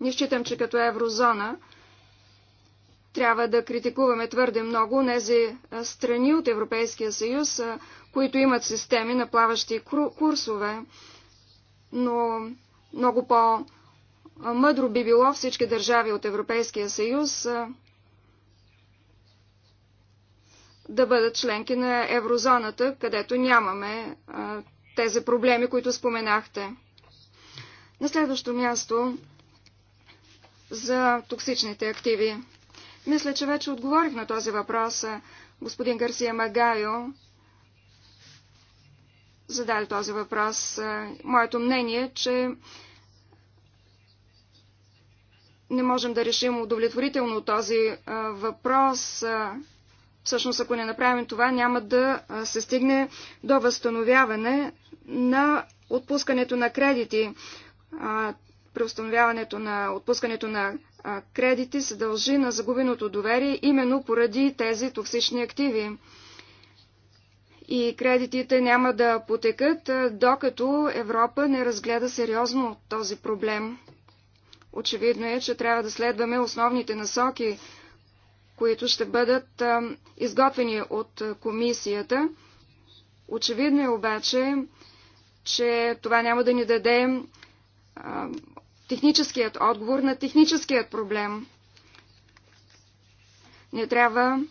Не считам, че като еврозона трябва да критикуваме твърде много тези страни от Европейския съюз, които имат системи на плаващи курсове. Но много по-мъдро би било всички държави от Европейския съюз да бъдат членки на еврозоната, където нямаме тези проблеми, които споменахте. На следващо място за токсичните активи. Мисля, че вече отговорих на този въпрос. Господин Гарсия Магайо зададе този въпрос. Моето мнение е, че не можем да решим удовлетворително този въпрос. Всъщност, ако не направим това, няма да се стигне до възстановяване на отпускането на кредити. При установяването на отпускането на кредити се дължи на загубеното доверие именно поради тези токсични активи. И кредитите няма да потекат, докато Европа не разгледа сериозно този проблем. Очевидно е, че трябва да следваме основните насоки, които ще бъдат изготвени от комисията. Очевидно е обаче, че това няма да ни даде техническият отговор на техническият проблем. Не трябва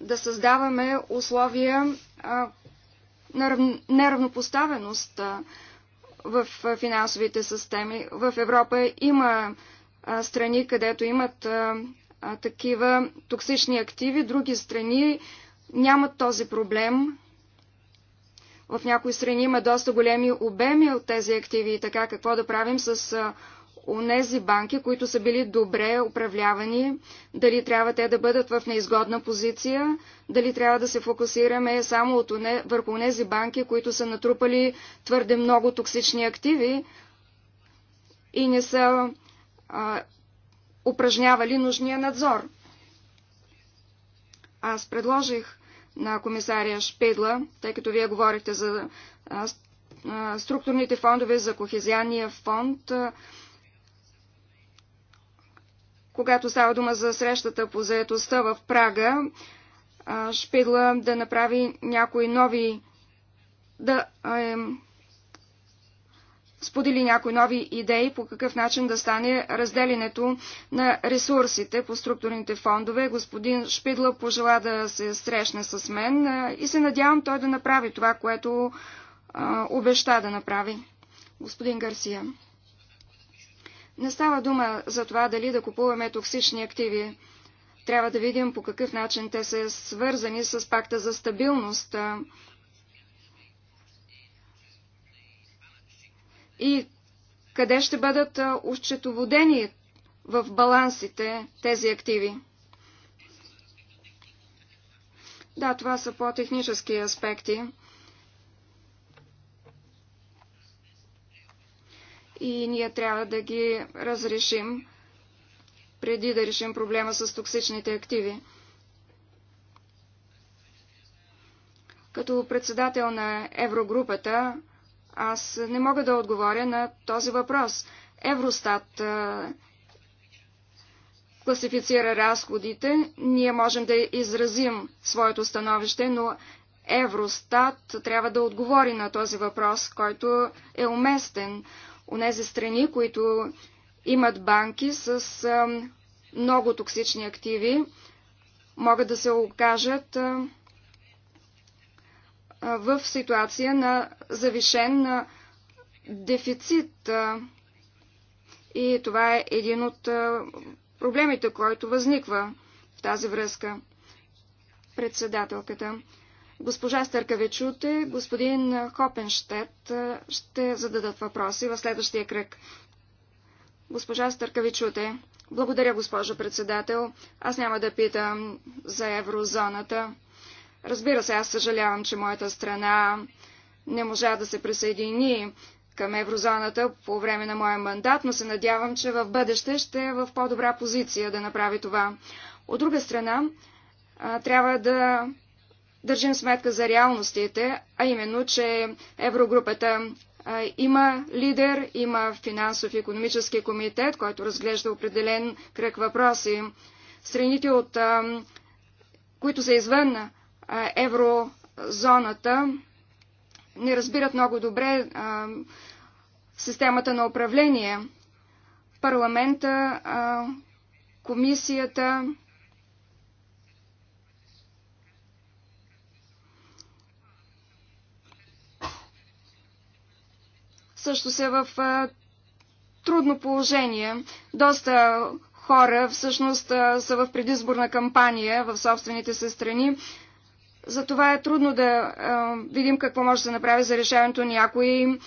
да създаваме условия на неравнопоставеност в финансовите системи. В Европа има страни, където имат такива токсични активи, други страни нямат този проблем. В някои страни има доста големи обеми от тези активи и така какво да правим с онези банки, които са били добре управлявани, дали трябва те да бъдат в неизгодна позиция, дали трябва да се фокусираме само от уне, върху онези банки, които са натрупали твърде много токсични активи и не са а, упражнявали нужния надзор. Аз предложих на комисария Шпидла, тъй като вие говорихте за структурните фондове, за кохезианния фонд. Когато става дума за срещата по заедостта в Прага, Шпидла да направи някои нови да сподели някои нови идеи по какъв начин да стане разделенето на ресурсите по структурните фондове. Господин Шпидла пожела да се срещне с мен и се надявам той да направи това, което обеща да направи. Господин Гарсия. Не става дума за това дали да купуваме токсични активи. Трябва да видим по какъв начин те са свързани с пакта за стабилност. и къде ще бъдат ущетоводени в балансите тези активи. Да, това са по-технически аспекти. И ние трябва да ги разрешим преди да решим проблема с токсичните активи. Като председател на Еврогрупата, Аз не мога да отговоря на този въпрос. Евростат а, класифицира разходите. Ние можем да изразим своето становище, но Евростат трябва да отговори на този въпрос, който е уместен. Онези страни, които имат банки с а, много токсични активи, могат да се окажат а, в ситуация на завишен дефицит. И това е един от проблемите, който възниква в тази връзка. Председателката. Госпожа Стъркавечуте, господин Хопенштет ще зададат въпроси в следващия кръг. Госпожа Стъркавичуте, благодаря, госпожа председател. Аз няма да питам за еврозоната. Разбира се, аз съжалявам, че моята страна не можа да се присъедини към еврозоната по време на моя мандат, но се надявам, че в бъдеще ще е в по-добра позиция да направи това. От друга страна, трябва да държим сметка за реалностите, а именно, че еврогрупата има лидер, има финансов и економически комитет, който разглежда определен кръг въпроси. Страните, от, които са извън еврозоната не разбират много добре системата на управление. Парламента, комисията. Също се в а, трудно положение. Доста хора всъщност са в предизборна кампания в собствените се страни. Затова е трудно да а, видим какво може да се направи за решаването на някои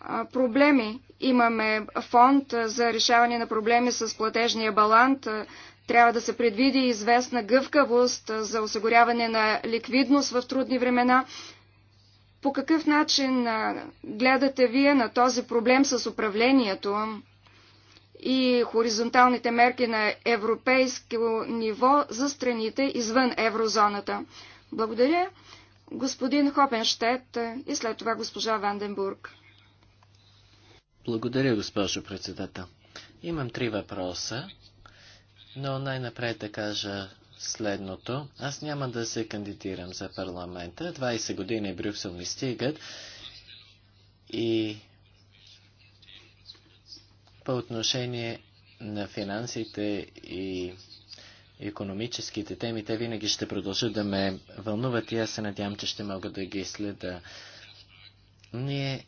а, проблеми. Имаме фонд за решаване на проблеми с платежния балант. Трябва да се предвиди известна гъвкавост за осигуряване на ликвидност в трудни времена. По какъв начин гледате вие на този проблем с управлението и хоризонталните мерки на европейско ниво за страните извън еврозоната? Благодаря. Господин Хопенштет и след това госпожа Ванденбург. Благодаря, госпожо председател. Имам три въпроса, но най-напред да кажа следното. Аз няма да се кандидирам за парламента. 20 години Брюксел ми стигат и по отношение на финансите и економическите теми, те винаги ще продължат да ме вълнуват и аз се надявам, че ще мога да ги следа. Ние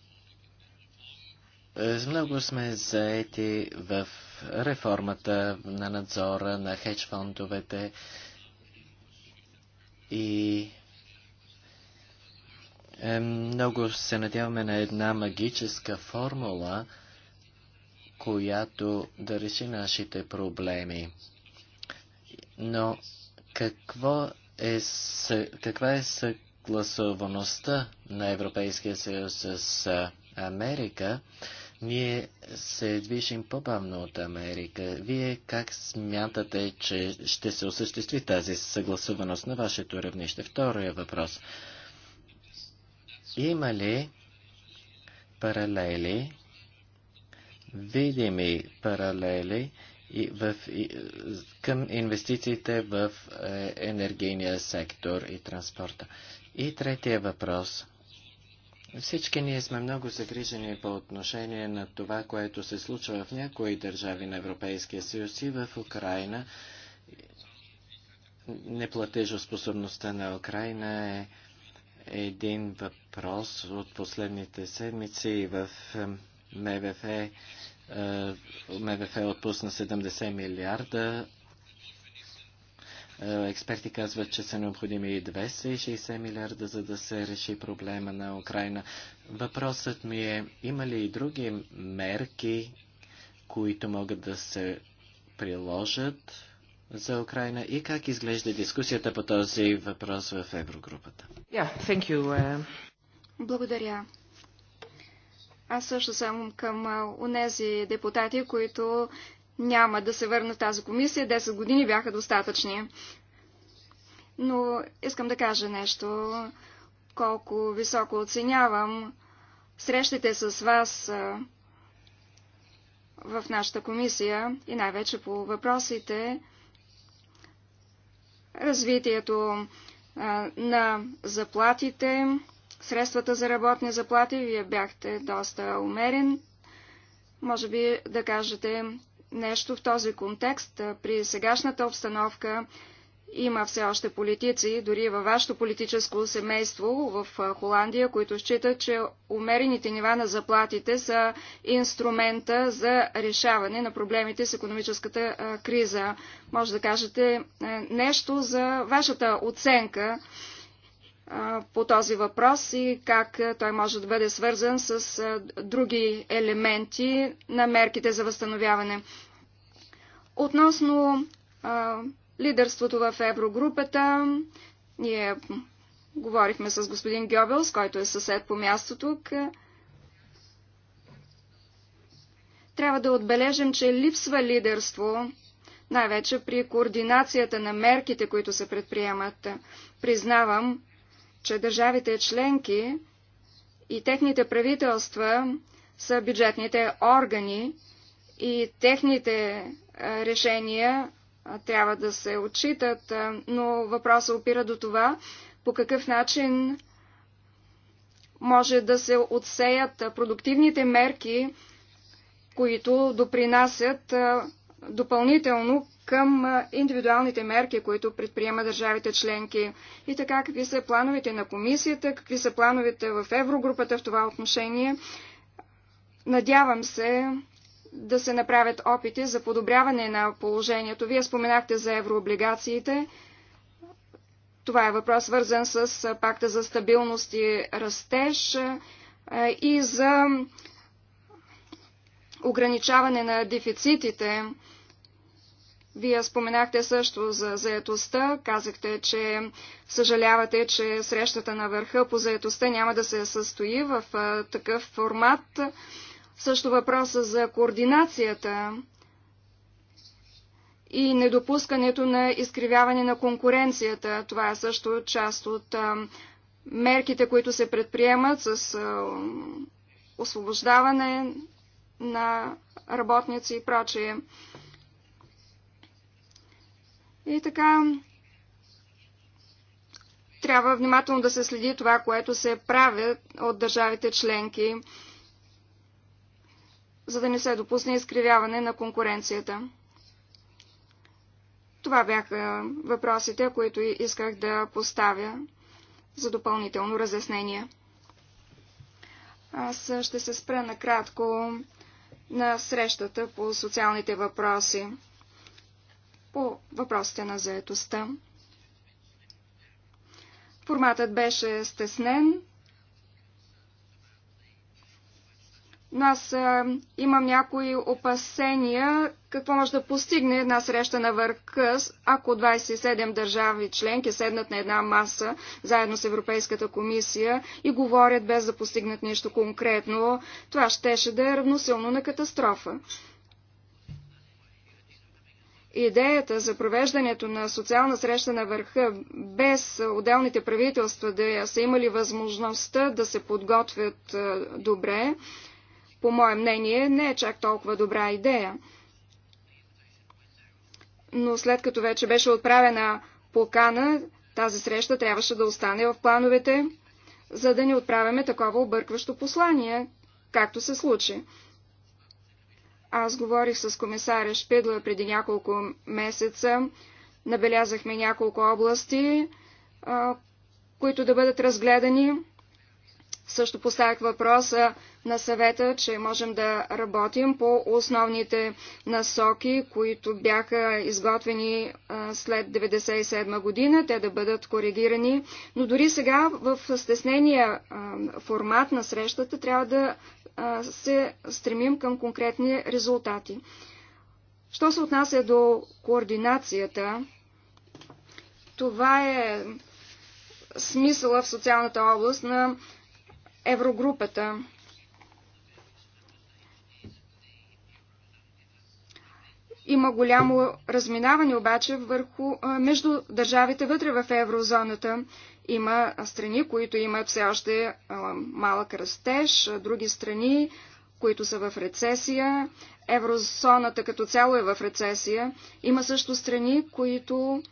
много сме заети в реформата на надзора на хедж фондовете и много се надяваме на една магическа формула, която да реши нашите проблеми. Но какво е, каква е съгласуваността на Европейския съюз с Америка? Ние се движим по-бавно от Америка. Вие как смятате, че ще се осъществи тази съгласуваност на вашето равнище? Втория въпрос. Има ли паралели, видими паралели в, към инвестициите в енергийния сектор и транспорта. И третия въпрос. Всички ние сме много загрижени по отношение на това, което се случва в някои държави на Европейския съюз и в Украина. Неплатежоспособността на Украина е един въпрос от последните седмици в МВФ МВФ е отпусна 70 милиарда. Експерти казват, че са необходими и 260 милиарда, за да се реши проблема на Украина. Въпросът ми е, има ли и други мерки, които могат да се приложат за Украина и как изглежда дискусията по този въпрос в Еврогрупата? Yeah, thank you. Благодаря. Аз също съм към унези депутати, които няма да се върнат в тази комисия. 10 години бяха достатъчни. Но искам да кажа нещо, колко високо оценявам срещите с вас в нашата комисия и най-вече по въпросите развитието на заплатите, средствата за работни заплати. Вие бяхте доста умерен. Може би да кажете нещо в този контекст. При сегашната обстановка има все още политици, дори във вашето политическо семейство в Холандия, които считат, че умерените нива на заплатите са инструмента за решаване на проблемите с економическата криза. Може да кажете нещо за вашата оценка по този въпрос и как той може да бъде свързан с други елементи на мерките за възстановяване. Относно лидерството в Еврогрупата, ние говорихме с господин Гьобелс, който е съсед по място тук. Трябва да отбележим, че липсва лидерство най-вече при координацията на мерките, които се предприемат. Признавам, че държавите членки и техните правителства са бюджетните органи и техните решения трябва да се отчитат, но въпросът опира до това по какъв начин може да се отсеят продуктивните мерки, които допринасят допълнително към индивидуалните мерки, които предприема държавите членки. И така, какви са плановете на комисията, какви са плановете в Еврогрупата в това отношение. Надявам се да се направят опити за подобряване на положението. Вие споменахте за еврооблигациите. Това е въпрос свързан с пакта за стабилност и растеж и за ограничаване на дефицитите Вие споменахте също за заетостта. Казахте, че съжалявате, че срещата на върха по заетостта няма да се състои в такъв формат. Също въпроса за координацията и недопускането на изкривяване на конкуренцията. Това е също част от мерките, които се предприемат с освобождаване на работници и прочее. И така, трябва внимателно да се следи това, което се прави от държавите членки, за да не се допусне изкривяване на конкуренцията. Това бяха въпросите, които исках да поставя за допълнително разяснение. Аз ще се спра накратко на срещата по социалните въпроси по въпросите на заетостта. Форматът беше стеснен, но аз а, имам някои опасения какво може да постигне една среща на върха, ако 27 държави членки седнат на една маса заедно с Европейската комисия и говорят без да постигнат нещо конкретно. Това щеше да е равносилно на катастрофа идеята за провеждането на социална среща на върха, без отделните правителства да са имали възможността да се подготвят добре, по мое мнение, не е чак толкова добра идея. Но след като вече беше отправена покана, тази среща трябваше да остане в плановете, за да не отправяме такова объркващо послание, както се случи. Аз говорих с комисаря Шпидла преди няколко месеца. Набелязахме няколко области, които да бъдат разгледани. Също поставих въпроса на съвета, че можем да работим по основните насоки, които бяха изготвени след 1997 година, те да бъдат коригирани. Но дори сега в стеснения формат на срещата трябва да се стремим към конкретни резултати. Що се отнася до координацията, това е смисъла в социалната област на Еврогрупата. Има голямо разминаване обаче върху, между държавите вътре в еврозоната. Има страни, които имат все още малък растеж, други страни, които са в рецесия. Еврозоната като цяло е в рецесия. Има също страни, които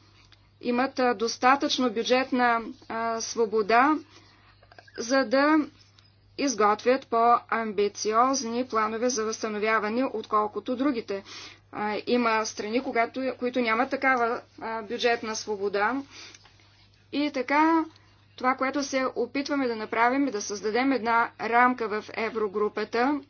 имат достатъчно бюджетна свобода, за да изготвят по-амбициозни планове за възстановяване, отколкото другите има страни, когато, които нямат такава бюджетна свобода. И така, това, което се опитваме да направим, е да създадем една рамка в еврогрупата.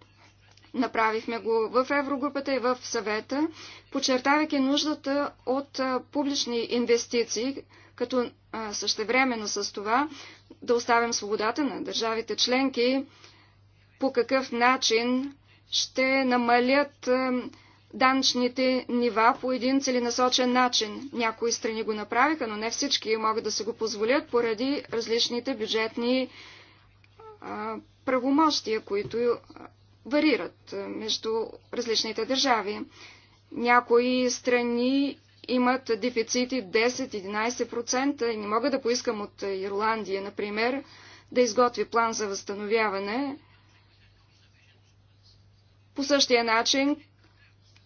Направихме го в еврогрупата и в съвета, подчертавайки нуждата от публични инвестиции, като същевременно с това да оставим свободата на държавите членки по какъв начин ще намалят данчните нива по един целенасочен начин. Някои страни го направиха, но не всички могат да се го позволят поради различните бюджетни правомощия, които варират между различните държави. Някои страни имат дефицити 10-11% и не мога да поискам от Ирландия, например, да изготви план за възстановяване по същия начин,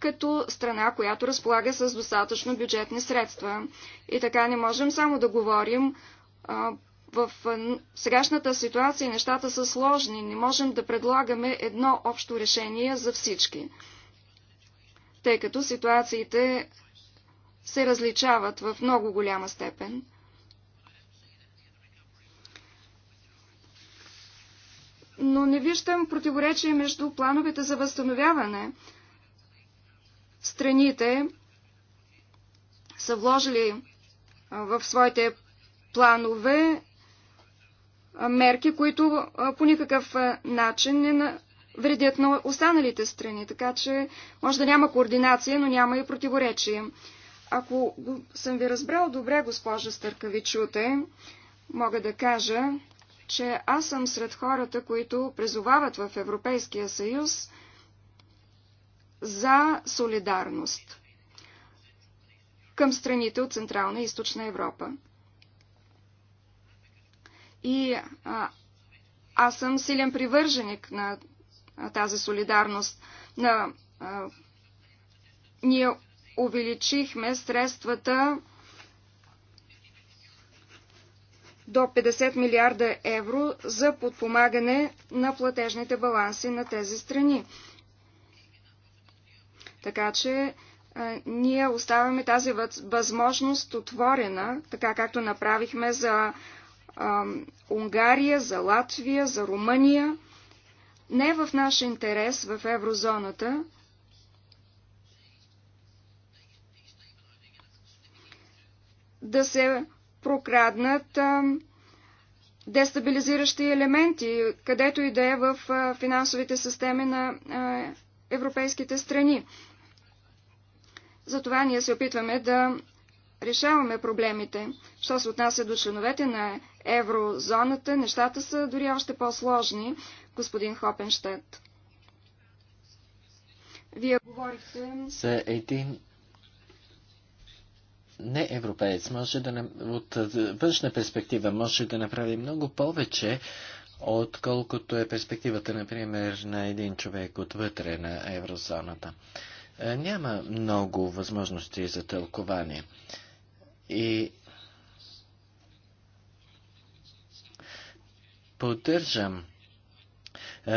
като страна, която разполага с достатъчно бюджетни средства. И така не можем само да говорим. В сегашната ситуация нещата са сложни. Не можем да предлагаме едно общо решение за всички, тъй като ситуациите се различават в много голяма степен. Но не виждам противоречие между плановете за възстановяване, страните са вложили в своите планове мерки, които по никакъв начин не вредят на останалите страни. Така че може да няма координация, но няма и противоречие. Ако съм ви разбрал добре, госпожа Стъркавичуте, мога да кажа, че аз съм сред хората, които призовават в Европейския съюз – за солидарност към страните от Централна и Източна Европа. И а, аз съм силен привърженик на тази солидарност. На, а, ние увеличихме средствата до 50 милиарда евро за подпомагане на платежните баланси на тези страни. Така че ние оставяме тази възможност отворена, така както направихме за а, Унгария, за Латвия, за Румъния. Не в наш интерес в еврозоната да се прокраднат а, дестабилизиращи елементи, където и да е в а, финансовите системи на а, европейските страни. Затова ние се опитваме да решаваме проблемите. Що се отнася до членовете на еврозоната, нещата са дори още по-сложни, господин Хопенштет. Вие говорихте... За един не европеец може да, от външна перспектива може да направи много повече, отколкото е перспективата, например, на един човек отвътре на еврозоната няма много възможности за тълкование. И поддържам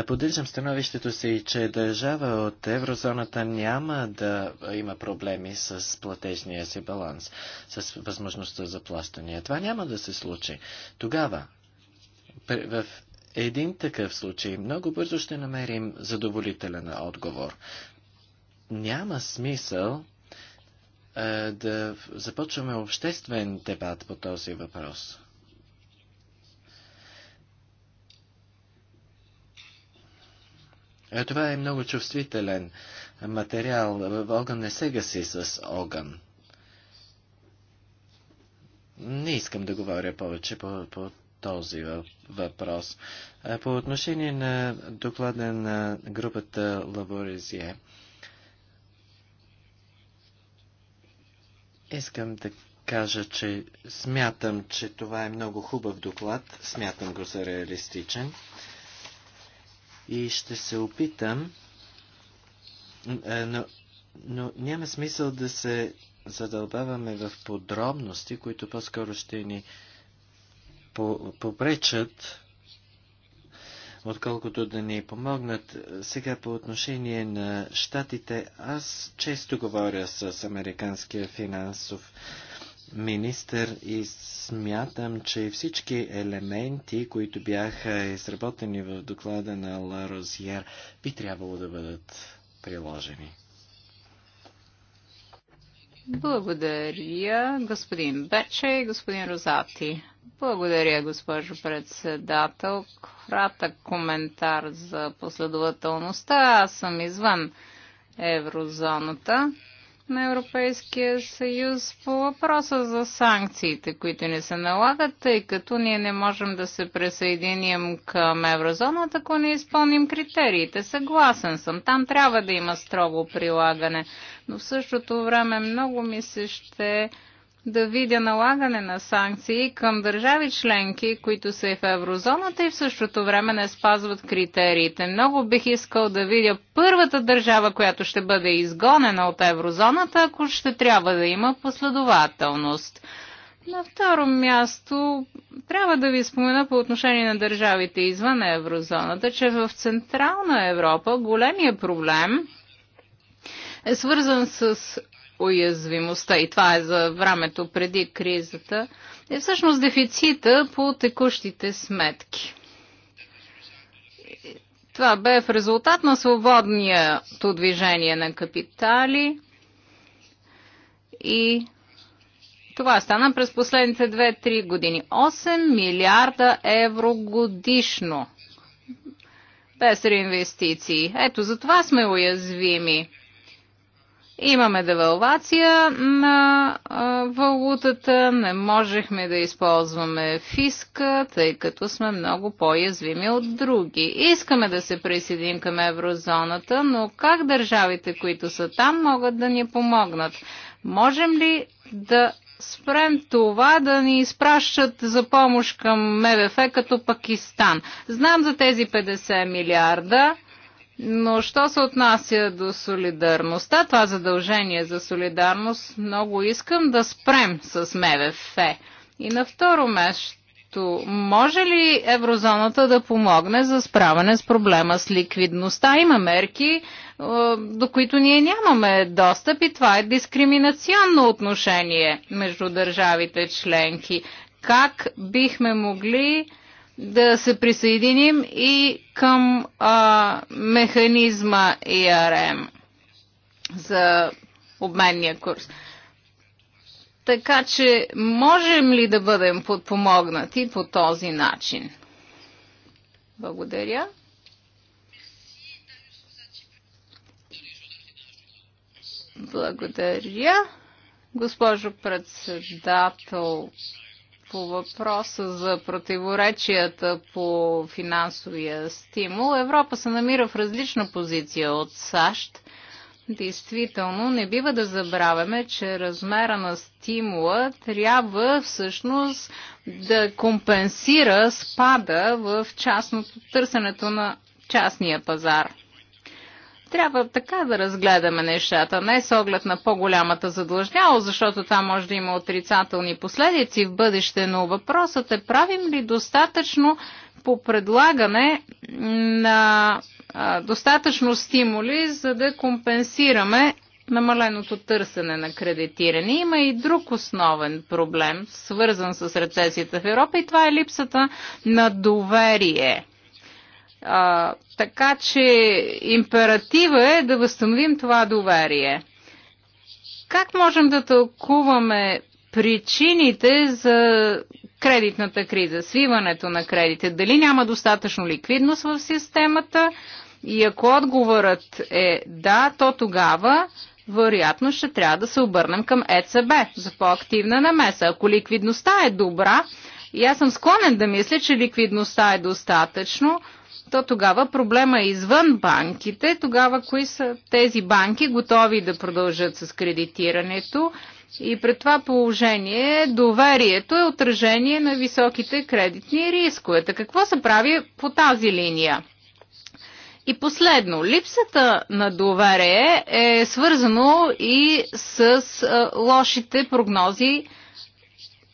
Поддържам становището си, че държава от еврозоната няма да има проблеми с платежния си баланс, с възможността за плащания. Това няма да се случи. Тогава, в един такъв случай, много бързо ще намерим задоволителен отговор няма смисъл а, да започваме обществен дебат по този въпрос. А това е много чувствителен материал. Огън не се гаси с огън. Не искам да говоря повече по, по този въпрос. По отношение на доклада на групата Лаборезие, Искам да кажа, че смятам, че това е много хубав доклад. Смятам го за реалистичен. И ще се опитам. Но, но няма смисъл да се задълбаваме в подробности, които по-скоро ще ни попречат отколкото да ни помогнат. Сега по отношение на щатите, аз често говоря с американския финансов министр и смятам, че всички елементи, които бяха изработени в доклада на Ла Розиер, би трябвало да бъдат приложени. Благодаря, господин Бече и господин Розати. Благодаря, госпожо председател. Кратък коментар за последователността. Аз съм извън еврозоната на Европейския съюз по въпроса за санкциите, които ни се налагат, тъй като ние не можем да се присъединим към еврозоната, ако не изпълним критериите. Съгласен съм, там трябва да има строго прилагане, но в същото време много ми се ще да видя налагане на санкции към държави членки, които са и в еврозоната и в същото време не спазват критериите. Много бих искал да видя първата държава, която ще бъде изгонена от еврозоната, ако ще трябва да има последователност. На второ място трябва да ви спомена по отношение на държавите извън еврозоната, че в Централна Европа големия проблем е свързан с уязвимостта и това е за времето преди кризата, е всъщност дефицита по текущите сметки. Това бе в резултат на свободното движение на капитали и това стана през последните 2-3 години. 8 милиарда евро годишно без реинвестиции. Ето, за това сме уязвими. Имаме девалвация на валутата, не можехме да използваме фиска, тъй като сме много по-язвими от други. Искаме да се присъединим към еврозоната, но как държавите, които са там, могат да ни помогнат? Можем ли да спрем това да ни изпращат за помощ към МВФ като Пакистан? Знам за тези 50 милиарда Но що се отнася до солидарността, това задължение за солидарност, много искам да спрем с МВФ. И на второ място, може ли еврозоната да помогне за справяне с проблема с ликвидността? Има мерки, до които ние нямаме достъп и това е дискриминационно отношение между държавите членки. Как бихме могли да се присъединим и към а, механизма ИРМ за обменния курс. Така че можем ли да бъдем подпомогнати по този начин? Благодаря. Благодаря. Госпожо председател, по въпроса за противоречията по финансовия стимул, Европа се намира в различна позиция от САЩ. Действително, не бива да забравяме, че размера на стимула трябва всъщност да компенсира спада в частното търсенето на частния пазар трябва така да разгледаме нещата, не с оглед на по-голямата задлъжнялост, защото там може да има отрицателни последици в бъдеще, но въпросът е правим ли достатъчно по предлагане на а, достатъчно стимули, за да компенсираме намаленото търсене на кредитиране. Има и друг основен проблем, свързан с рецесията в Европа и това е липсата на доверие А, така че императива е да възстановим това доверие. Как можем да тълкуваме причините за кредитната криза, свиването на кредите? Дали няма достатъчно ликвидност в системата? И ако отговорът е да, то тогава вероятно ще трябва да се обърнем към ЕЦБ за по-активна намеса. Ако ликвидността е добра, и аз съм склонен да мисля, че ликвидността е достатъчно, то тогава проблема е извън банките. Тогава кои са тези банки готови да продължат с кредитирането? И пред това положение доверието е отражение на високите кредитни рискове. Така Какво се прави по тази линия? И последно, липсата на доверие е свързано и с лошите прогнози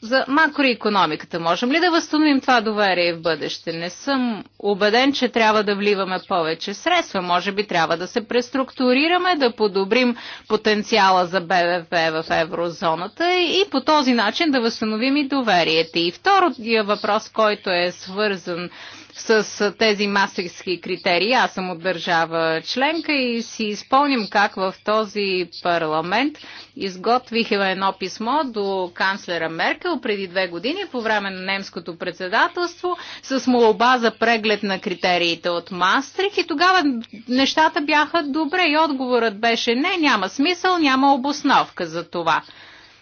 за макроекономиката. Можем ли да възстановим това доверие в бъдеще? Не съм убеден, че трябва да вливаме повече средства. Може би трябва да се преструктурираме, да подобрим потенциала за БВП в еврозоната и по този начин да възстановим и доверието. И втория въпрос, който е свързан с тези мастерски критерии. Аз съм от държава членка и си изпълним как в този парламент изготвих едно писмо до канцлера Меркел преди две години по време на немското председателство с молба за преглед на критериите от Мастрих и тогава нещата бяха добре и отговорът беше не, няма смисъл, няма обосновка за това.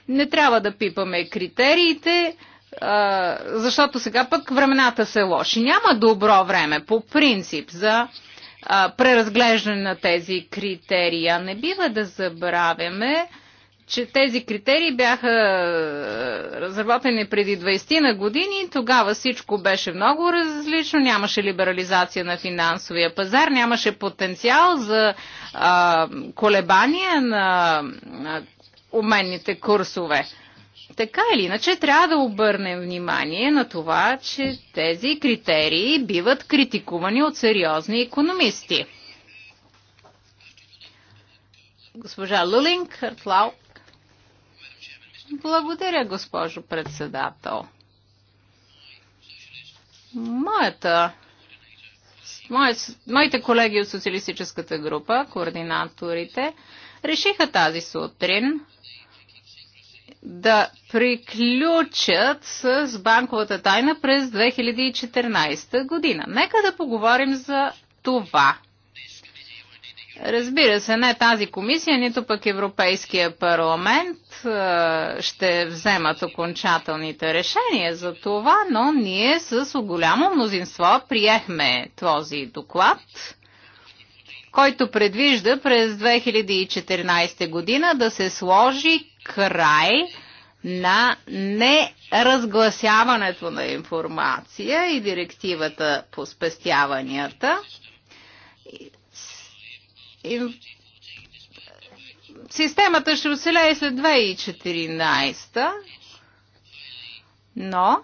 Не трябва да пипаме критериите, защото сега пък времената са лоши. Няма добро време по принцип за преразглеждане на тези критерия. Не бива да забравяме, че тези критерии бяха разработени преди 20 на години. Тогава всичко беше много различно. Нямаше либерализация на финансовия пазар, нямаше потенциал за а, колебания на, на обменните курсове. Така или иначе, трябва да обърнем внимание на това, че тези критерии биват критикувани от сериозни економисти. Госпожа Лулинг, Хартлаук. Благодаря, госпожо председател. Моята, мои, моите колеги от социалистическата група, координаторите, решиха тази сутрин да приключат с банковата тайна през 2014 година. Нека да поговорим за това. Разбира се, не тази комисия, нито пък Европейския парламент ще вземат окончателните решения за това, но ние с голямо мнозинство приехме този доклад който предвижда през 2014 година да се сложи край на неразгласяването на информация и директивата по спестяванията. Системата ще оцелее след 2014, но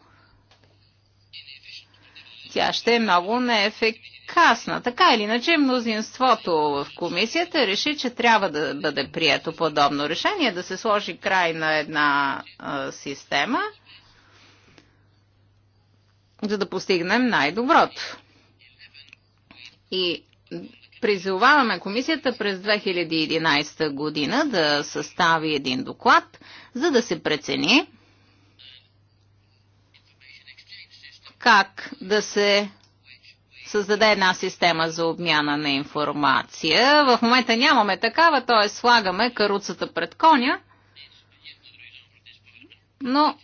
тя ще е много неефективна ефикасна. Така или иначе, мнозинството в комисията реши, че трябва да бъде прието подобно решение, да се сложи край на една а, система, за да постигнем най-доброто. И призоваваме комисията през 2011 година да състави един доклад, за да се прецени как да се създаде една система за обмяна на информация. В момента нямаме такава, т.е. слагаме каруцата пред коня, но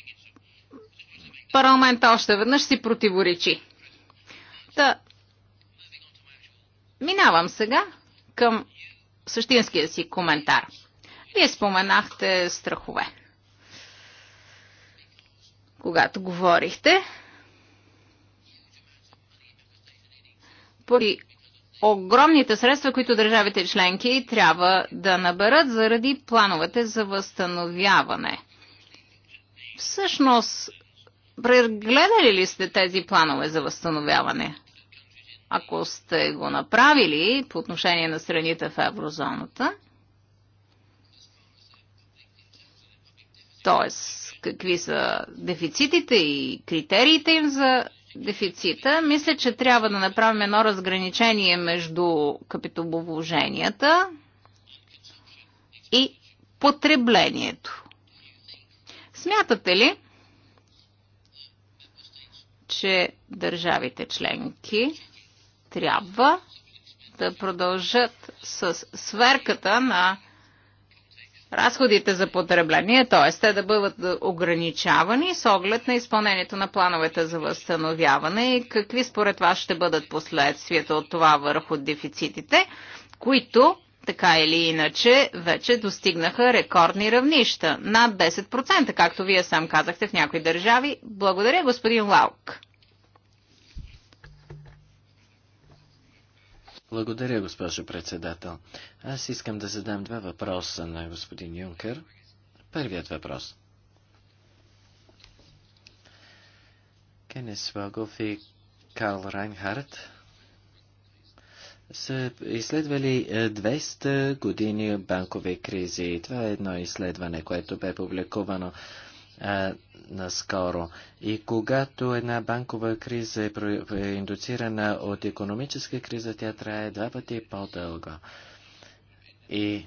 парламент още веднъж си противоречи. Та, минавам сега към същинския си коментар. Вие споменахте страхове. Когато говорихте, поради огромните средства, които държавите членки трябва да наберат заради плановете за възстановяване. Всъщност, прегледали ли сте тези планове за възстановяване? Ако сте го направили по отношение на страните в еврозоната, т.е. какви са дефицитите и критериите им за дефицита, мисля, че трябва да направим едно разграничение между капиталовложенията и потреблението. Смятате ли, че държавите членки трябва да продължат с сверката на разходите за потребление, т.е. те да бъдат ограничавани с оглед на изпълнението на плановете за възстановяване и какви според вас ще бъдат последствията от това върху дефицитите, които така или иначе вече достигнаха рекордни равнища, над 10%, както вие сам казахте в някои държави. Благодаря, господин Лаук. Благодаря, госпожо председател. Аз искам да задам два въпроса на господин Юнкер. Първият въпрос. Кенес Вагов и Карл Райнхард са изследвали 200 години банкови кризи. Това е едно изследване, което бе публикувано а, наскоро. И когато една банкова криза е, е индуцирана от економическа криза, тя трае два пъти по-дълго. И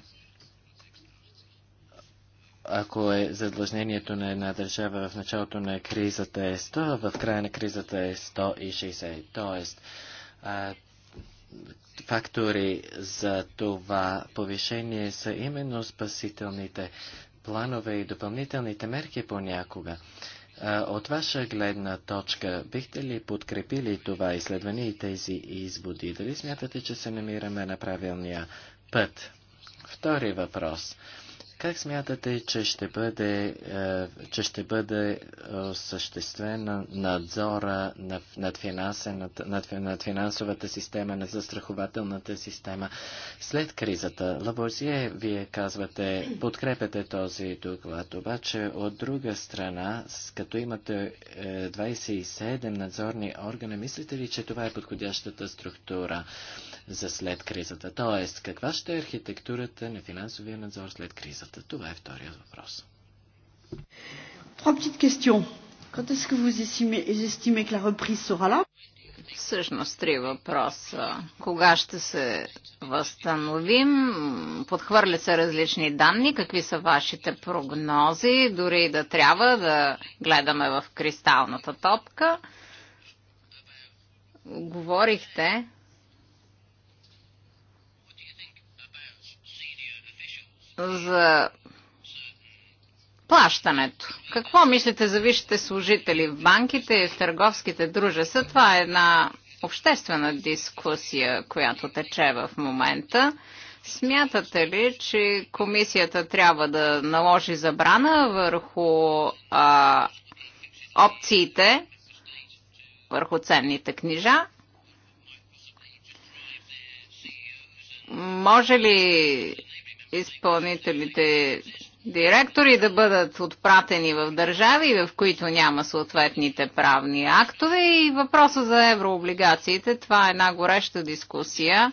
ако е задлъжнението на една държава в началото на кризата е 100, в края на кризата е 160. Тоест, а, фактори за това повишение са именно спасителните планове и допълнителните мерки понякога. От ваша гледна точка, бихте ли подкрепили това изследване и тези изводи? Дали смятате, че се намираме на правилния път? Втори въпрос. Как смятате, че ще бъде, че ще бъде осъществен надзора над, над, над финансовата система, на застрахователната система след кризата? Лабозие, вие казвате, подкрепете този доклад, обаче от друга страна, като имате 27 надзорни органа, мислите ли, че това е подходящата структура? за след кризата. Тоест, каква ще е архитектурата на финансовия надзор след кризата? Това е вторият въпрос. Всъщност три въпроса. Кога ще се възстановим? Подхвърлят се различни данни. Какви са вашите прогнози? Дори да трябва да гледаме в кристалната топка. Говорихте за плащането. Какво мислите за висшите служители в банките и в търговските дружества? Това е една обществена дискусия, която тече в момента. Смятате ли, че комисията трябва да наложи забрана върху а, опциите, върху ценните книжа? Може ли изпълнителите директори да бъдат отпратени в държави, в които няма съответните правни актове и въпроса за еврооблигациите. Това е една гореща дискусия,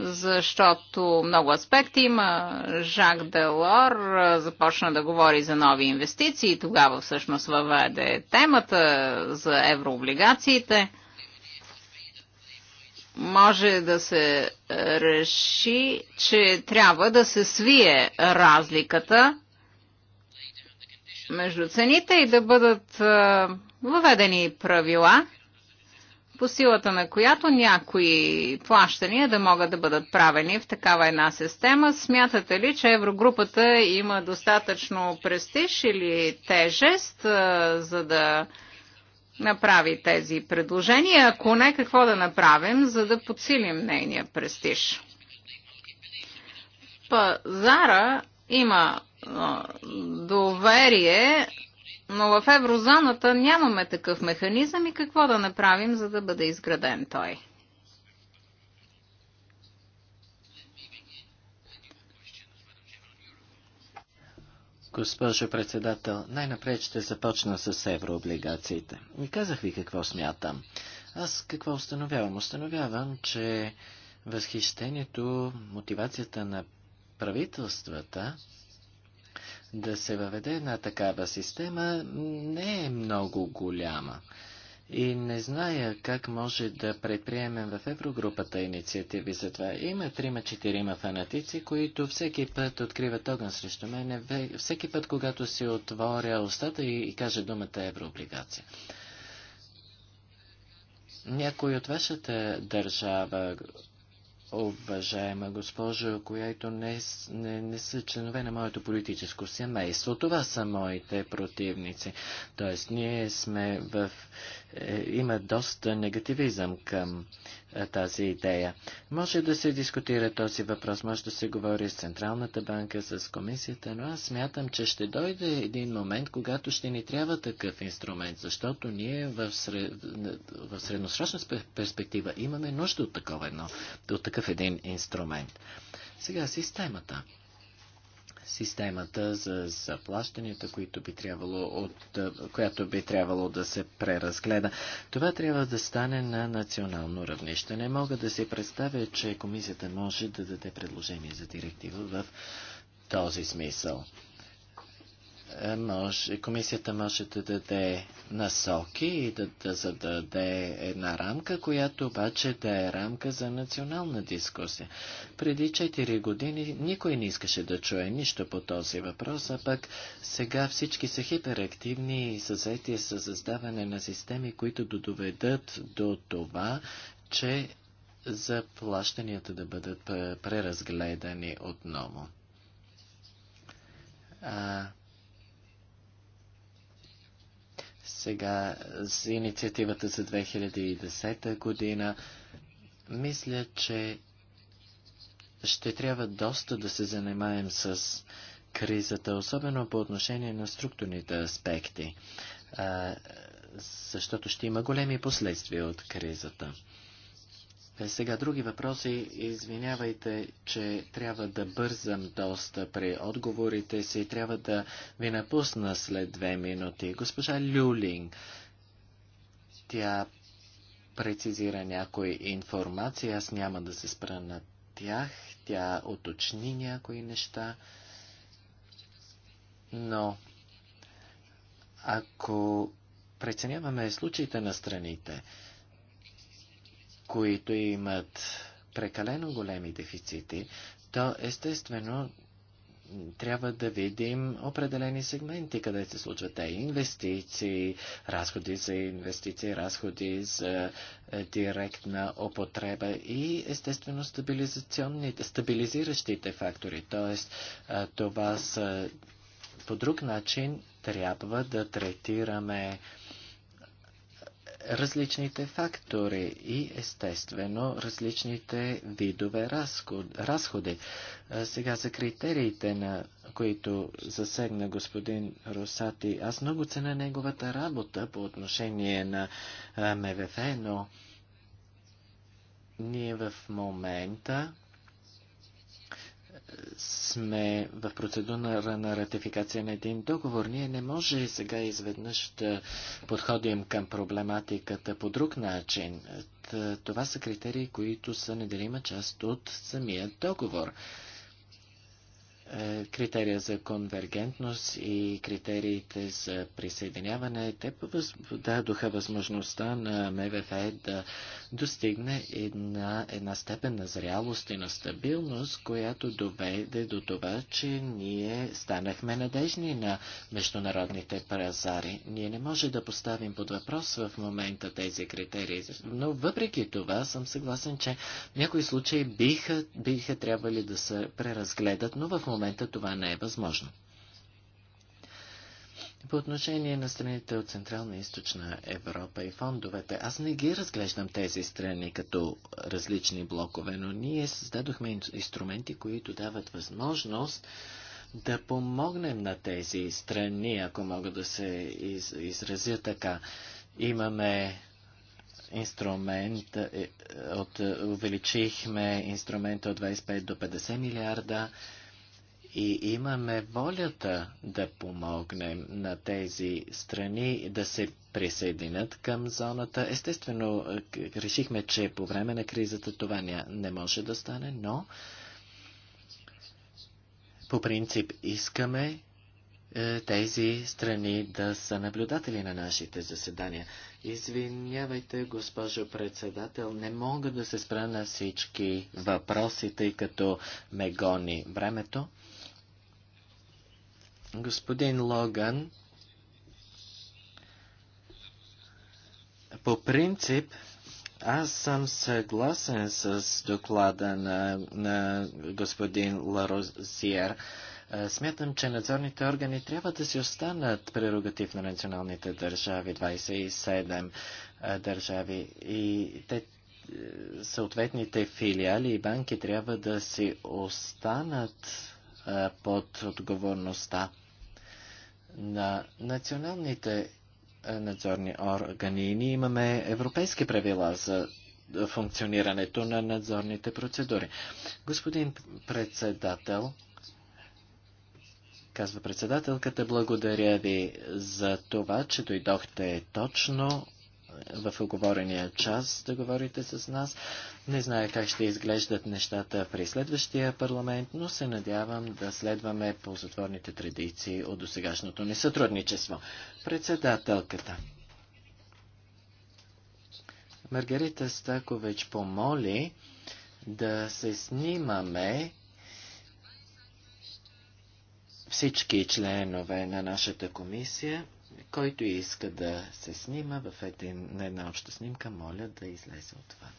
защото много аспекти има. Жак Делор започна да говори за нови инвестиции и тогава всъщност въведе темата за еврооблигациите – може да се реши, че трябва да се свие разликата между цените и да бъдат въведени правила, по силата на която някои плащания да могат да бъдат правени в такава една система. Смятате ли, че Еврогрупата има достатъчно престиж или тежест, за да направи тези предложения. Ако не, какво да направим, за да подсилим нейния престиж? Пазара има доверие, но в еврозоната нямаме такъв механизъм и какво да направим, за да бъде изграден той. Госпожо председател, най-напред ще започна с еврооблигациите. И казах ви какво смятам. Аз какво установявам? Установявам, че възхищението, мотивацията на правителствата да се въведе една такава система не е много голяма. И не зная как може да предприемем в Еврогрупата инициативи за това. Има трима-четирима фанатици, които всеки път откриват огън срещу мене, всеки път, когато си отворя устата и, и каже думата еврооблигация. Някой от вашата държава, уважаема госпожо, която не, не, не са членове на моето политическо семейство, това са моите противници. Тоест, ние сме в има доста негативизъм към тази идея. Може да се дискутира този въпрос, може да се говори с Централната банка, с комисията, но аз смятам, че ще дойде един момент, когато ще ни трябва такъв инструмент, защото ние в, сред... в средносрочна перспектива имаме нужда от такова едно, от такъв един инструмент. Сега системата системата за заплащанията, които би трябвало от, която би трябвало да се преразгледа. Това трябва да стане на национално равнище. Не мога да се представя, че комисията може да даде предложение за директива в този смисъл може, комисията може да даде насоки и да, да зададе една рамка, която обаче да е рамка за национална дискусия. Преди 4 години никой не искаше да чуе нищо по този въпрос, а пък сега всички са хиперактивни и са заети с създаване на системи, които да доведат до това, че заплащанията да бъдат преразгледани отново. А, Сега с инициативата за 2010 година, мисля, че ще трябва доста да се занимаем с кризата, особено по отношение на структурните аспекти, защото ще има големи последствия от кризата. Сега други въпроси. Извинявайте, че трябва да бързам доста при отговорите си. Трябва да ви напусна след две минути. Госпожа Люлинг, тя прецизира някои информации. Аз няма да се спра на тях. Тя уточни някои неща. Но ако преценяваме случаите на страните, които имат прекалено големи дефицити, то естествено трябва да видим определени сегменти, къде се случват те инвестиции, разходи за инвестиции, разходи за директна употреба и естествено стабилизационните, стабилизиращите фактори. Тоест, това са по друг начин трябва да третираме различните фактори и естествено различните видове разход, разходи. Сега за критериите, на които засегна господин Русати, аз много цена неговата работа по отношение на МВФ, но ние в момента сме в процедура на ратификация на един договор. Ние не може сега изведнъж да подходим към проблематиката по друг начин. Това са критерии, които са неделима част от самия договор критерия за конвергентност и критериите за присъединяване, те дадоха възможността на МВФ да достигне една, една степен на зрялост и на стабилност, която доведе до това, че ние станахме надежни на международните пазари. Ние не може да поставим под въпрос в момента тези критерии, но въпреки това съм съгласен, че някои случаи биха, биха трябвали да се преразгледат, но в момента момента това не е възможно. По отношение на страните от Централна и Източна Европа и фондовете, аз не ги разглеждам тези страни като различни блокове, но ние създадохме инструменти, които дават възможност да помогнем на тези страни, ако мога да се из, изразя така. Имаме инструмент, от, увеличихме инструмента от 25 до 50 милиарда, и имаме волята да помогнем на тези страни да се присъединят към зоната. Естествено, решихме, че по време на кризата това не може да стане, но по принцип искаме тези страни да са наблюдатели на нашите заседания. Извинявайте, госпожо председател, не мога да се спра на всички въпроси, тъй като ме гони времето. Господин Логан по принцип аз съм съгласен с доклада на, на господин Ларозиер. Смятам, че надзорните органи трябва да си останат прерогатив на националните държави, 27 държави. И те, съответните филиали и банки трябва да си останат под отговорността на националните надзорни органи. Ние имаме европейски правила за функционирането на надзорните процедури. Господин председател, казва председателката, благодаря ви за това, че дойдохте точно в оговорения час да говорите с нас. Не зная как ще изглеждат нещата при следващия парламент, но се надявам да следваме по затворните традиции от досегашното ни сътрудничество. Председателката. Маргарита Стакович помоли да се снимаме всички членове на нашата комисия. Който иска да се снима в една обща снимка, моля да излезе отвън.